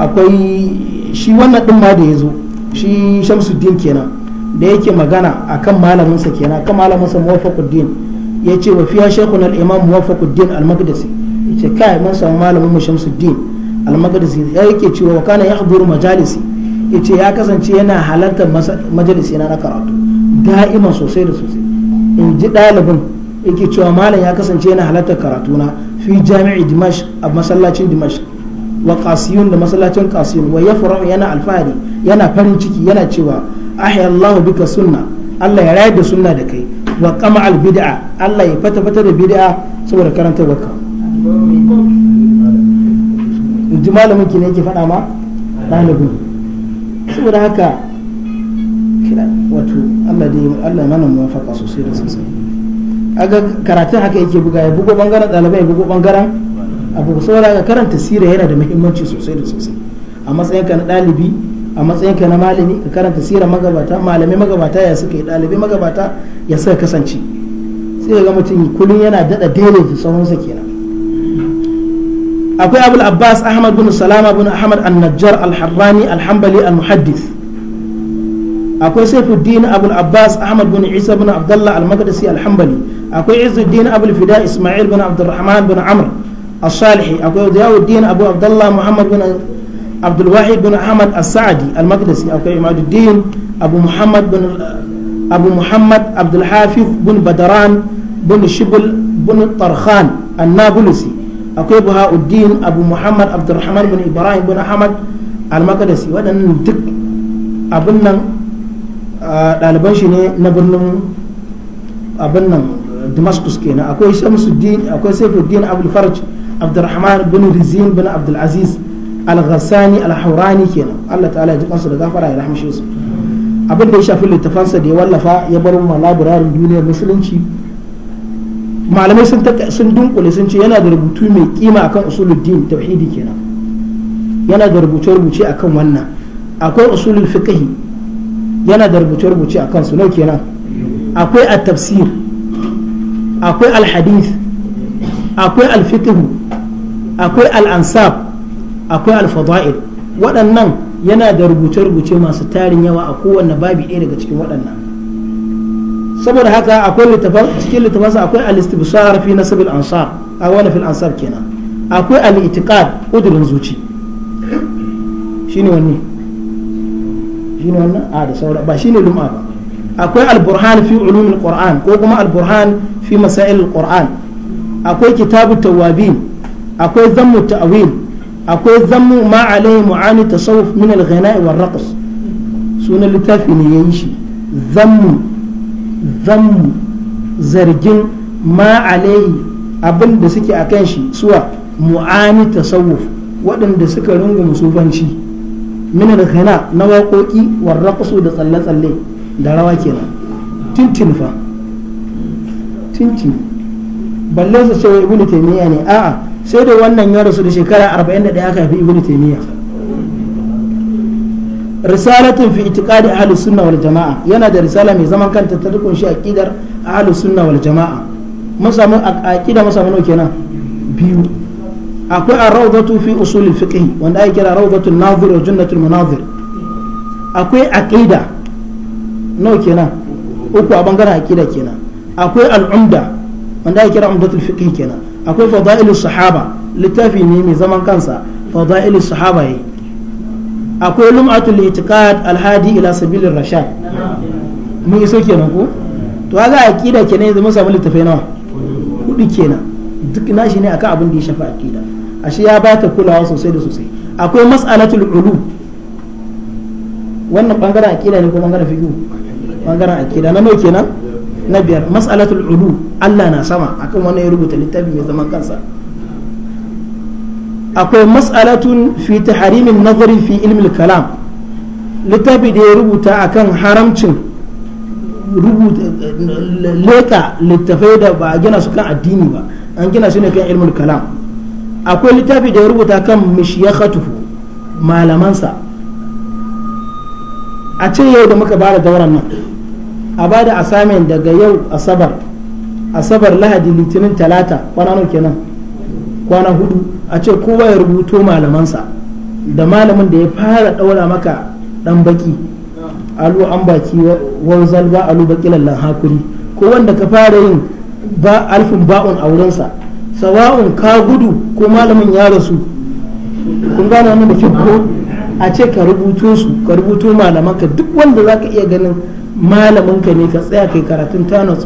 akwai shi wannan din ma da ya zo shi shamsuddin kenan da yake magana a kan malaminsa kenan kan malaminsa muwafaquddin ya ce wa fiya shaykhun al-imam muwafaquddin al ya ce kai mun samu malamin mu shamsuddin al-maqdisi ya yake cewa wa kana yahduru majalisi ya ce ya kasance yana halartar majalisi na karatu daima sosai da sosai in ji ɗalibin yake cewa malam ya kasance yana halartar karatu na fi jami'i dimash a masallacin dimash wa kasiyun da masallacin kasiyun wa ya yafrahu yana alfahari yana farin ciki yana cewa ahya Allah bika sunna Allah ya rayar da sunna da kai wa kama al bid'a Allah ya fata fata da bid'a saboda karantar baka inji malamin ki ne yake faɗa ma ɗalibin saboda haka wato Allah dai Allah mana muwafaqa sosai da sosai aga karatun haka yake buga ya bugo bangaren ɗalibai ya bugo bangaren abu saboda ka karanta sira yana da muhimmanci sosai da sosai a matsayinka na ɗalibi a matsayinka na malami ka karanta sira magabata malamai magabata ya suka yi dalibi magabata ya suka kasance sai ga mutum kullum yana daɗa sauran sahunsa kenan akwai abul abbas ahmad bin salama bin ahmad an-najjar al-harrani al-hanbali al-muhaddis akwai saifuddin abul abbas ahmad bin isa bin abdullah al-maqdisi al-hanbali akwai izuddin abul fida isma'il bin abdurrahman bin amr الصالحي أقول ضياء الدين أبو عبد الله محمد بن عبد الواحد بن أحمد السعدي المقدسي أو عماد الدين أبو محمد بن أبو محمد عبد الحافظ بن بدران بن شبل بن طرخان النابلسي أقول بهاء الدين أبو محمد عبد الرحمن بن إبراهيم بن أحمد المقدسي ودن دك أبنن ɗaliban shi ne na birnin abin nan damascus kenan akwai shamsuddin akwai saifuddin abul faraj Abdulrahman الرحمن بن رزين بن عبد العزيز kenan Allah ta'ala ya ji kansu da gafara ya rahmashe su abin da ya shafi littafansa da ya wallafa ya bar mu labirarin duniyar musulunci malamai sun sun dunkule sun ce yana da rubutu mai kima akan usuluddin tauhidi kenan yana da rubuce rubuce akan wannan akwai usulul fiqh yana da rubuce rubuce akan su kenan akwai at-tafsir akwai al-hadith akwai alfiqhu akwai al'ansab akwai alfada'il waɗannan yana da rubuce-rubuce masu tarin yawa a kowanne babi ɗaya daga cikin waɗannan saboda haka akwai littafan cikin littafansa akwai al fi nasab al a wani fil ansab kenan akwai al-i'tiqad udurin zuci shine wanne shine wannan a da saura ba shine lum'a ba akwai al-burhan fi ulumul qur'an ko kuma al-burhan fi masail al-qur'an akwai kitabu tawabin akwai zammu ta'wil akwai zammu ma alayhi mu'ani tasawuf min al-ghina'i wal raqs Suna littafi ne yayi shi zammu zammu zargin ma alayhi abin da suke akan shi suwa mu'ani tasawuf waɗanda suka rungu musubanci min al-ghina na waƙoƙi wal raqsu da tsalle-tsalle da rawa kenan tintin fa tintin balle su cewa ibnu taymiya ne a'a sai da wannan ya rasu da shekara 41 aka haifi ibnu taymiya risalatun fi itiqadi ahlus sunna wal jamaa yana da risala mai zaman kanta ta dukun shi aqidar ahlus sunna wal jamaa mun samu aqida mun samu kenan biyu akwai ar-rawdatu fi usul al-fiqh wanda ake kira rawdatu an-nazir wa jannatu al akwai aqida nawa kenan uku a bangaren aqida kenan akwai al-umda wanda ake kira umdatul fiqh kenan akwai fadailu sahaba littafi ne mai zaman kansa fadailu sahaba yi akwai lum'atul itiqad alhadi ila sabilir rashad mun iso kenan ko to ga aqida kenan yanzu mun samu littafai nawa hudu kenan duk nashi ne akan abin da ya shafi aqida ashe ya bata kulawa sosai da sosai akwai mas'alatul ulu wannan bangaren aqida ne ko bangaren fiqh bangaren aqida na nawa kenan na biyar mas'alatul ulu Allah na sama akan wani ya rubuta littafi mai zaman kansa akwai mas'alatun fi tahrimin nazari fi ilmil kalam littafi da ya rubuta akan haramcin rubuta leka littafai da ba a gina su kan addini ba an gina su ne kan ilmul kalam akwai littafi da ya rubuta kan mishiyakhatuhu malamansa a ce yau da muka bada dauran nan a ba da asamin daga yau asabar asabar lahadi litinin talata kwana nau kenan kwana hudu a ce kowa ya rubuto malamansa da malamin da ya fara ɗaura maka dan baki alu an baki wanzal ba alu baki lallan hakuri ko wanda ka fara yin ba alfin ba'un a wurinsa sawa'un ka gudu ko malamin ya rasu kun gane wani da ke ko a ce ka rubuto su ka rubuto malamanka duk wanda zaka iya ganin malamin ka ne ka tsaya kai karatun tanos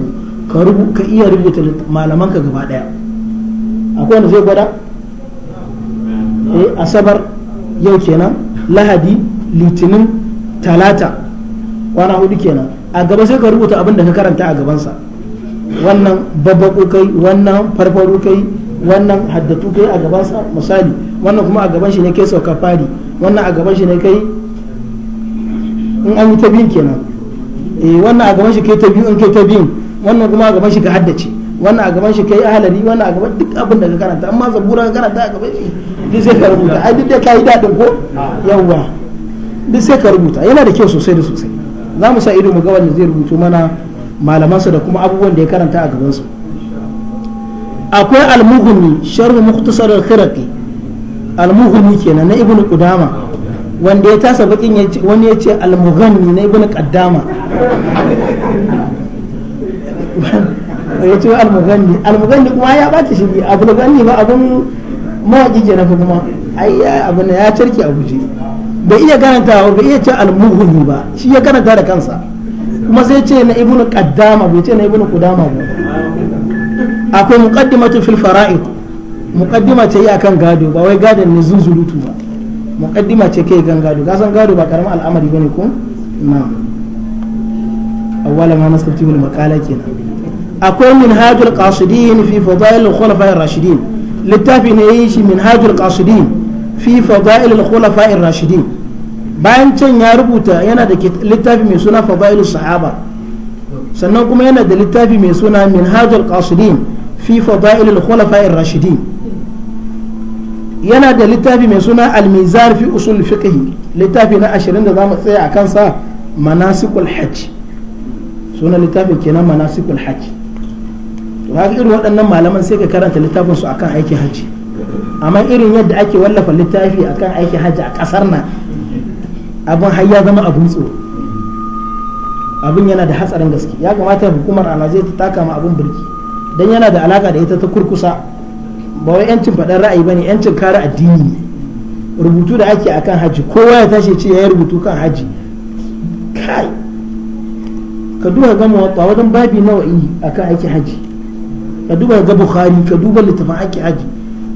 ka ka iya rubuta malaman ka gaba daya akwai wanda zai gwada eh asabar yau kenan lahadi litinin talata kwana hudu kenan a gaba sai ka rubuta abin da ka karanta a gabansa wannan babbaku kai wannan farfaru kai wannan haddatu kai a gabansa misali wannan kuma a gaban shi ne kai sauka fari wannan a gaban shi ne kai in an yi ta biyu kenan Eh, wannan a gaban shi kai ta biyu in kai ta biyu wannan kuma a gaban shi ka haddace wannan a gaban shi kai ahalari wannan a gaban duk abin da ka karanta amma zabura ka karanta a gaban shi duk sai ka rubuta ai duk da kai dadin ko yawwa duk sai ka rubuta yana da kyau sosai da sosai za mu sa ido mu ga wanda zai rubuto mana malamansa da kuma abubuwan da ya karanta a gaban su. akwai al-muhimmi sharh muhtasar al-khiraqi al-muhimmi kenan na ibnu qudama wanda ya tasa bakin ya ce wani ya ce almughanni na ibn qaddama ya ce almughanni almughanni kuma ya bata shi ganni ba abun mawaki ke na kuma ai abin ya cirke a guje bai iya karanta bai iya ce almughni ba shi ya karanta da kansa kuma sai ce na ibn qaddama bai ce na ibn qudama ba akwai muqaddimatu fil fara'id muqaddima ce akan gado ba wai gadon ne zunzulutu ba muqaddima ce kai gan gado gasan gado ba karamin al'amari bane ko na awwala ma nasabti bil maqala kenan akwai minhajul qasidin fi fadail al khulafa ar rashidin littafi ne yi shi minhajul qasidin fi fadail al khulafa ar rashidin bayan can ya rubuta yana da littafi mai suna fadailus sahaba sannan kuma yana da littafi mai suna minhajul qasidin fi fadail al khulafa ar rashidin yana da littafi mai suna almizar fi usul fiqh littafi na 20 da za mu tsaya a kansa manasikul hajj suna littafin kenan manasikul hajj to haka irin waɗannan malaman sai ka karanta littafin su akan aikin hajji amma irin yadda ake wallafa littafi akan aikin hajji a ƙasar nan abin har ya zama abun tsoro abin yana da hatsarin gaske ya kamata hukumar a ta taka ma abin birki dan yana da alaka da ita ta kurkusa ba wai yancin faɗar ra'ayi bane yancin kare addini ne rubutu da ake akan haji kowa ya tashi ce ya rubutu kan haji kai ka duba ga mawatta wajen babi nawa'i akan aiki haji ka duba ga bukhari ka duba littafin aiki haji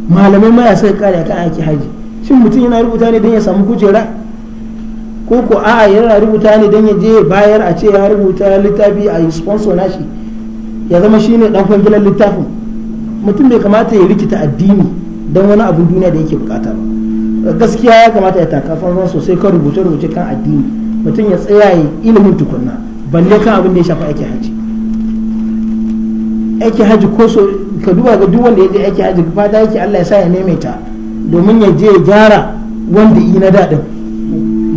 malamai ma ya sai kare akan aiki haji shin mutum yana rubuta ne don ya samu kujera ko ko a'a yana rubuta ne don ya je bayar a ce ya rubuta littafi a yi sponsor nashi ya zama shine dan kwangilan littafin mutum bai kamata ya rikita addini don wani abun duniya da yake bukata ba gaskiya ya kamata ya taka fara sosai kan rubuce rubuce kan addini mutum ya tsaya ya ilimin tukunna balle kan abin da ya shafi aiki haji aiki haji ko so ka duba ga duk wanda ya je aiki haji fata yake Allah ya sa ya maimaita domin ya je ya gyara wanda yi na dadin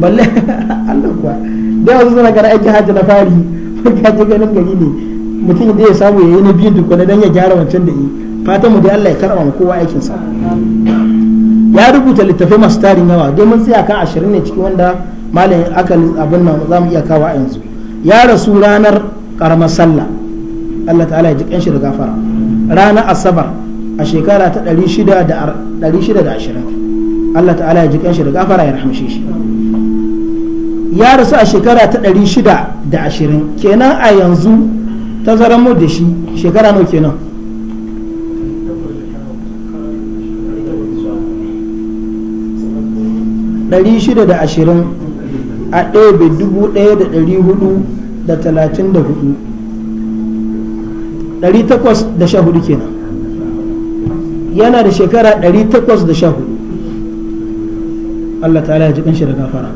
balle Allah kuwa da wasu suna gara aiki haji na fari ko ya je ganin gari ne mutum da ya samu ya yi na biyun tukunna don ya gyara wancan da yi fatan mu dai Allah ya karba mu kowa aikin sa ya rubuta littafai masu tarin yawa domin mun tsaya kan 20 ne cikin wanda malamin aka abin nan za mu iya kawo a yanzu ya rasu ranar karamar sallah Allah ta'ala ya ji kanshi da gafara ranar asabar a shekara ta 620 Allah ta'ala ya ji kanshi da gafara ya rahamshe shi ya rasu a shekara ta 620 kenan a yanzu tazaran mu da shi shekara nawa kenan 620 a ɗebe 1434 814 kenan yana da shekara 814 Allah ta ya ji kanshi da gafara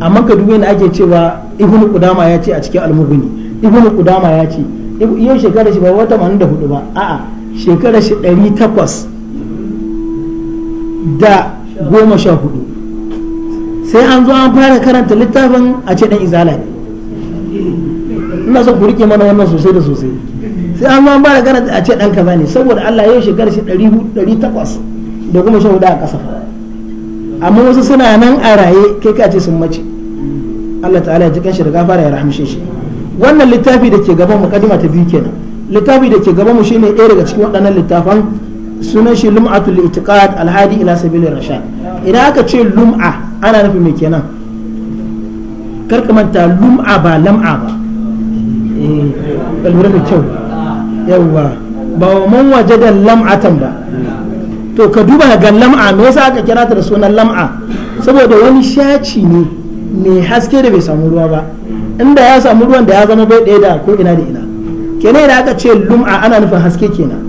amma ka dubi da ake cewa ibnu kudama ya ce a cikin almubini ibnu kudama ya ce yau shekara shi ba wata manu da hudu ba a'a shekara shi 800 da goma sha hudu sai an zo an fara karanta littafin a ce dan izala ne ina so ku rike mana wannan sosai da sosai sai an zo an fara karanta a ce dan kaza ne saboda Allah ya shekar shi 800 da kuma shan hudu a kasa amma wasu suna nan a raye kai ka ce sun mace Allah ta'ala ya ji shi da gafara ya rahamshe shi wannan littafi da ke gaban mukaddima ta biyu kenan littafi da ke gaban mu shine ɗaya daga cikin waɗannan littafan sunan shi lum'atul itiqad alhadi ila sabilir rashad idan aka ce lum'a ana nufi mai kenan karka manta lum'a ba lam'a ba eh mai da kyau yawwa ba wa man da lam'atan ba to ka duba ga lam'a me yasa aka kira ta da sunan lam'a saboda wani shaci ne mai haske da bai samu ruwa ba inda ya samu ruwan da ya zama bai ɗaya da ko ina da ina kenan da aka ce lum'a ana nufin haske kenan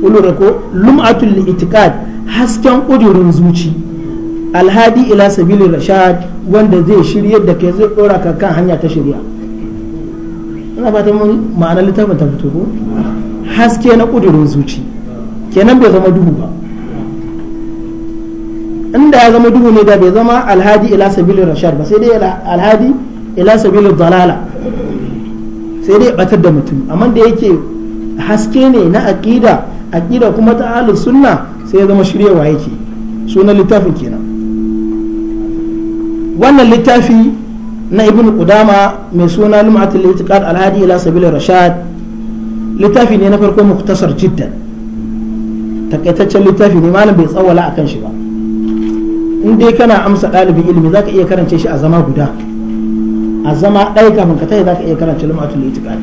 ulura ko lum'atul itiqad hasken ƙudurin zuci alhadi ila sabili rashad wanda zai shirya da kai zai dora ka kan hanya ta shirya ina fatan mun ma'anar littafin ta fito ko haske na kudurin zuci kenan bai zama duhu ba inda ya zama duhu ne da bai zama alhadi ila sabili rashad ba sai dai alhadi ila sabili dalala sai dai batar da mutum amma da yake haske ne na aqida aqida kuma ta ahlus sunna sai ya zama shiryawa yake sunan littafin kenan wannan littafi na ibn Kudama mai suna lum'atul itiqad alhadi ila sabila rashad littafi ne na farko muktasar jidda takaitaccen littafi ne malam bai tsawala akan shi ba in dai kana amsa ɗalibin ilimi zaka iya karance shi a zama guda a zama ɗaya kafin ka za zaka iya karance lum'atul itiqad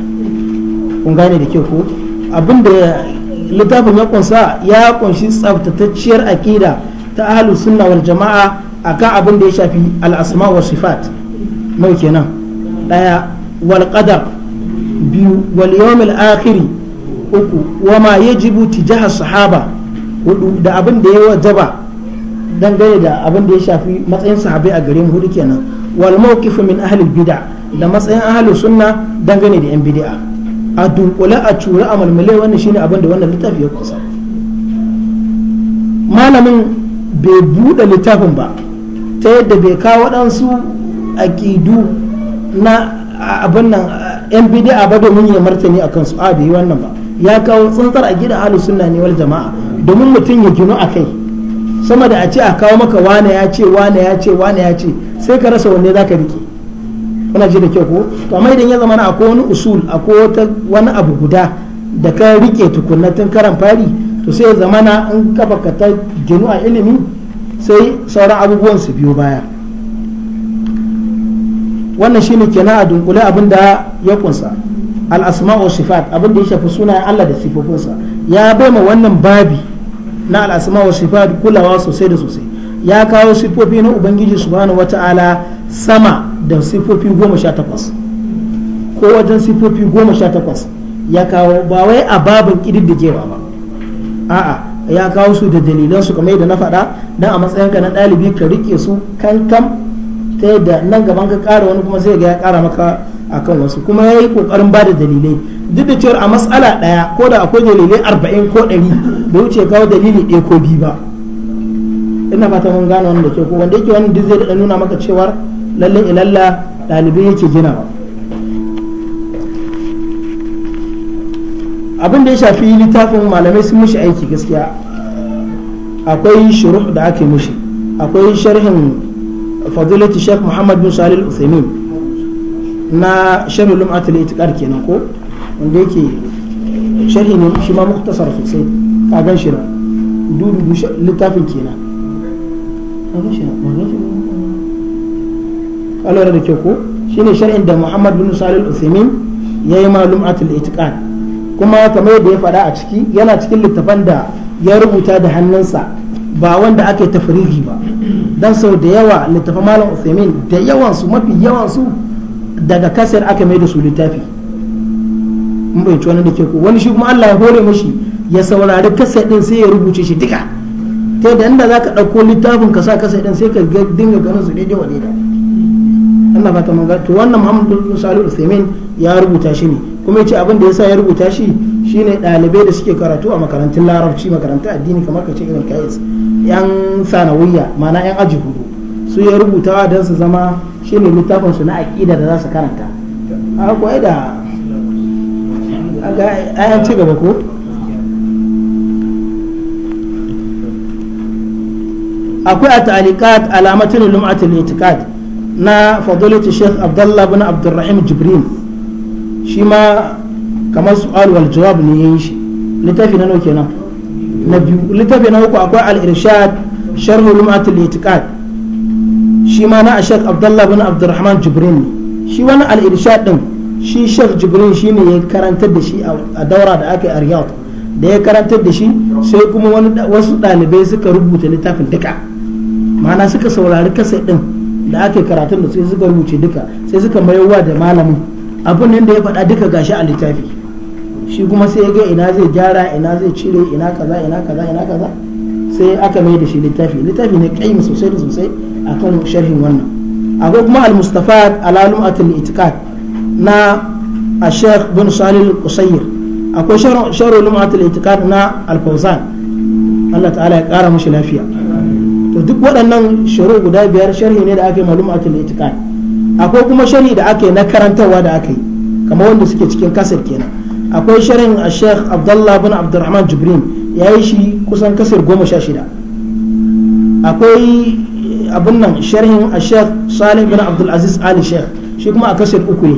kun gane da kyau ko abinda littafin ya kunsa ya kunshi tsaftatacciyar akida ta ahlus sunna wal jama'a akan abin da ya shafi al'asma wa sifat mai kenan daya wal qadar biyu wal al akhiri uku wa ma yajibu tijaha sahaba hudu da abin da ya wajaba dangane da abin da ya shafi matsayin sahabai a mu hudu kenan wal mawqif min ahli bid'a da matsayin ahli sunna dangane da yan bid'a a dunkule a cura a malmale wannan shine abin da wannan littafi ya kusa malamin bai buɗe littafin ba ta yadda bai kawo waɗansu aƙidu na abin nan yan bidi'a ba domin ya martani a kansu a bai wannan ba ya kawo tsantsar a gidan halu sunna ne wal jama'a domin mutum ya ginu a kai sama da a ce a kawo maka wane ya ce wane ya ce wane ya ce sai ka rasa wanne zaka rike kuna ji da kyau ko to amma idan ya zama na akwai wani usul akwai wani abu guda da ka rike tukunna tun karan fari to sai ya zama na in kafa ka ta ginu a ilimi sai sauran abubuwan su biyo baya wannan shine kenan a dunkule abin da ya kunsa al-asma wa sifat abin da ya shafi sunayen Allah da sifofinsa ya bai ma wannan babi na al wa sifat kulawa sosai da sosai ya kawo sifofi na ubangiji subhanahu wata'ala sama da sifofi goma sha takwas ko wajen sifofi goma sha takwas ya kawo ba wai a babin ƙididdigewa ba a'a ya kawo su da dalilan su kamar yadda na faɗa dan a matsayin ka na ɗalibi ka rike su kankan ta yadda nan gaban ka ƙara wani kuma zai ga ya ƙara maka akan wasu kuma ya yi ƙoƙarin ba da dalilai duk da cewar a matsala ɗaya ko da akwai dalilai arba'in ko ɗari bai wuce kawo dalili ɗaya ko biyu ba ina fata mun gane wanda ke ko wanda yake wani duk zai nuna maka cewa lallai ilalla ɗalibai yake ginawa abin da ya shafi littafin malamai sun mushi aiki gaskiya akwai shuruh da ake mushi akwai sharhin fadilati sheikh muhammad bin salil usaimin na sharhi lum'atul itikar kenan ko wanda yake sharhi ne shi ma muktasar sosai ka gan shi na dudu littafin kenan ka gan shi na shi na da kyau ko shine sharhin da muhammad bin salil usaimin yi ma lum'atul itikar kuma kamar yadda ya faɗa a ciki yana cikin littafan da ya rubuta da hannunsa ba wanda ake tafrigi ba dan sau da yawa littafan malam usaimin da yawansu mafi yawansu daga kasar aka mai da su littafi in bai wani da ke ku wani shi kuma Allah ya hore mashi ya saurari kasar din sai ya rubuce shi duka ta da inda zaka ɗauko littafin ka sa kasar din sai ka dinga ganin su daidai wa daidai Allah ba ta manga to wannan Muhammadu Salihu Usaimin ya rubuta shi ne kuma ce abin da yasa ya rubuta shi shine ɗalibai da suke karatu a makarantun larabci makarantun addini kamar kace irin kais yan sanawiyya ma'ana yan aji hudu su ya rubuta don su zama shine littafin su na aƙida da za su karanta akwai da ayan ci gaba ko akwai a ta'alikat alamatin lum'atul itikad na fadilatu sheikh abdullah bin abdurrahim jibrin shi ma kamar su'al wal jawab ne yin shi littafi na nauke nan na biyu littafi na uku akwai al-irshad sharh lum'atul itiqad shi ma na shek Abdullah bin Abdurrahman Jibrin ne shi wani al-irshad din shi shek Jibrin ne ya karantar da shi a daura da aka yi a Riyadh da ya karantar da shi sai kuma wasu ɗalibai suka rubuta littafin duka ma'ana suka saurari kasai din da aka yi karatun da sai suka rubuce duka sai suka mayowa da malamin abin nan da ya faɗa duka gashi a littafi shi kuma sai ya ga ina zai gyara ina zai cire ina kaza ina kaza ina kaza sai aka mai da shi littafi littafi ne kaimi sosai da sosai akan sharhin wannan akwai kuma al mustafa al-alumatul itiqad na al-sheikh bin salil qusayr akwai sharhul al-alumatul itiqad na al-fawzan Allah ta'ala ya kara mushi lafiya to duk waɗannan sharhu guda biyar sharhi ne da aka yi malumatul itiqad akwai kuma sharhi da aka yi na karantarwa da aka yi kamar wanda suke cikin kasar kenan akwai sharhin a sheikh abdullah bin abdurrahman jibrin ya yi shi kusan kasar goma sha shida akwai abun nan sharhin a sheikh salim bin abdulaziz ali sheikh shi kuma a kasar uku ne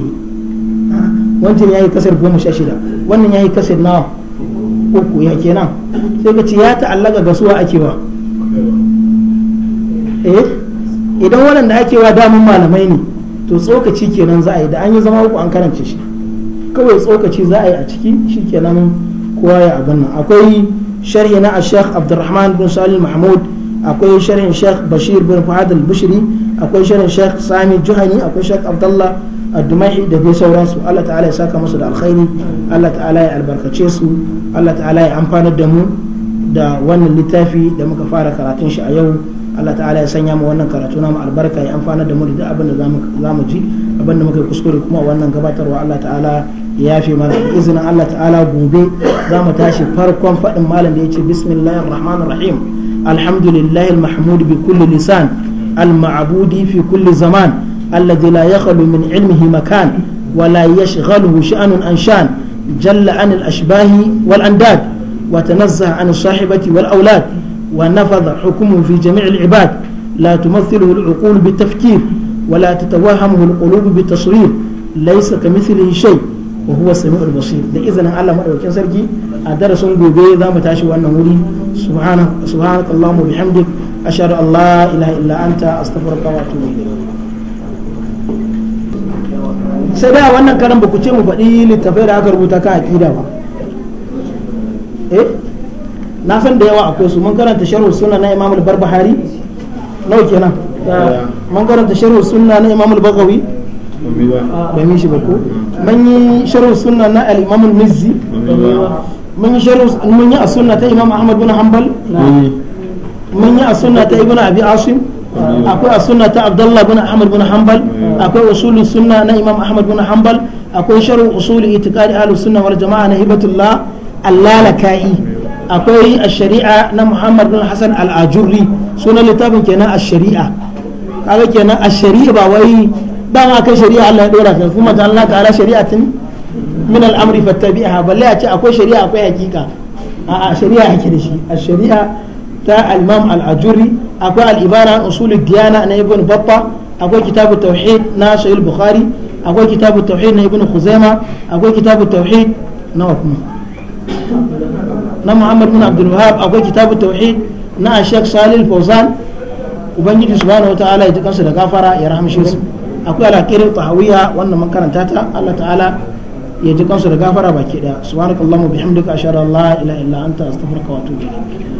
wancan ya yi kasar goma sha shida wannan ya yi kasar na uku ya kenan sai ka ce ya ta'allaka ga suwa ake ba eh, idan waɗanda ake wa damun malamai ne to tsokaci kenan za a yi da an yi zama uku an karance shi kawai tsokaci za a yi a ciki shikenan kowa ya abin nan akwai sharhi na Sheikh Abdulrahman bin Salim Mahmud akwai sharhin Sheikh Bashir bin Fuad al-Bushri akwai sharhin Sheikh Sami Juhani akwai shek Abdullah ad-Dumahi da dai sauransu Allah ta'ala ya saka musu da alkhairi Allah ta'ala ya albarkace su Allah ta'ala ya amfanar da mu da wannan littafi da muka fara karatun shi a yau Allah ta'ala ya sanya mu wannan karatu namu albarka ya amfana da mu da abin da za mu ji abin da muka kuskure kuma wannan gabatarwa Allah ta'ala ya yafe mana da izinin Allah ta'ala gobe za mu tashi farkon faɗin malam da ya ce bismillahir rahmanir rahim alhamdulillahi mahmud bi kulli lisan al-ma'budi fi kulli zaman alladhi la yakhlu min ilmihi makan wa la yashghaluhu sha'anun an shan jalla an al-ashbahi wal andad wa tanazzaha an sahibati wal aulad ونفذ حكمه في جميع العباد لا تمثله العقول بالتفكير ولا تتوهمه القلوب بالتصوير ليس كمثله شيء وهو السميع البصير da izinin Allah madaukakin sarki a darasin gobe za mu tashi wannan wuri subhanak allahumma bihamdik ashhadu an la ilaha anta astaghfiruka wa atubu sai da wannan karan ba ku ce mu faɗi littafai da aka rubuta ka aqida ba eh na san da yawa akwai su mun karanta sharh sunna na imam al-barbahari nawa kenan mun karanta sharh sunna na imam al-baghawi ba mi ah, shi ba ko mun yi sharh sunna na al-imam al-mizzi mun yi sharh mun yi as-sunna ta imam ahmad bin hanbal mun yi as-sunna ta ibn abi asim akwai as-sunna ta abdullah bin ahmad bin hanbal akwai usulus sunna na imam ahmad bin hanbal akwai sharh usul itiqadi ahlus sunna wal jamaa na hibatullah allalaka'i akwai a shari'a na muhammad bin hassan al'ajurri sunan littafin kenan a shari'a kaga kenan a shari'a ba wai dama aka shari'a Allah ya dora ka kuma ta Allah ta'ala shari'atin min al'amri fattabi'aha balle a ce akwai shari'a akwai hakika a shari'a yake da shi a shari'a ta al-imam al-ajurri akwai al-ibara usul diyana na ibn babba akwai kitabu tauhid na sahih bukhari akwai kitabu tauhid na ibn khuzaima akwai kitabu tauhid na kuma na muhammad bin abdul wahab akwai kitabu tauhid na ashek salil fauzan ubangiji subhanahu ala ya kansu da gafara ya rahamshe su akwai alaƙirin tahawiyya wannan makaranta ta allah ta'ala ya ji kansu da gafara baki daya subhanakallahumma bihamdika ashhadu allah la ilaha illa anta astaghfiruka wa atubu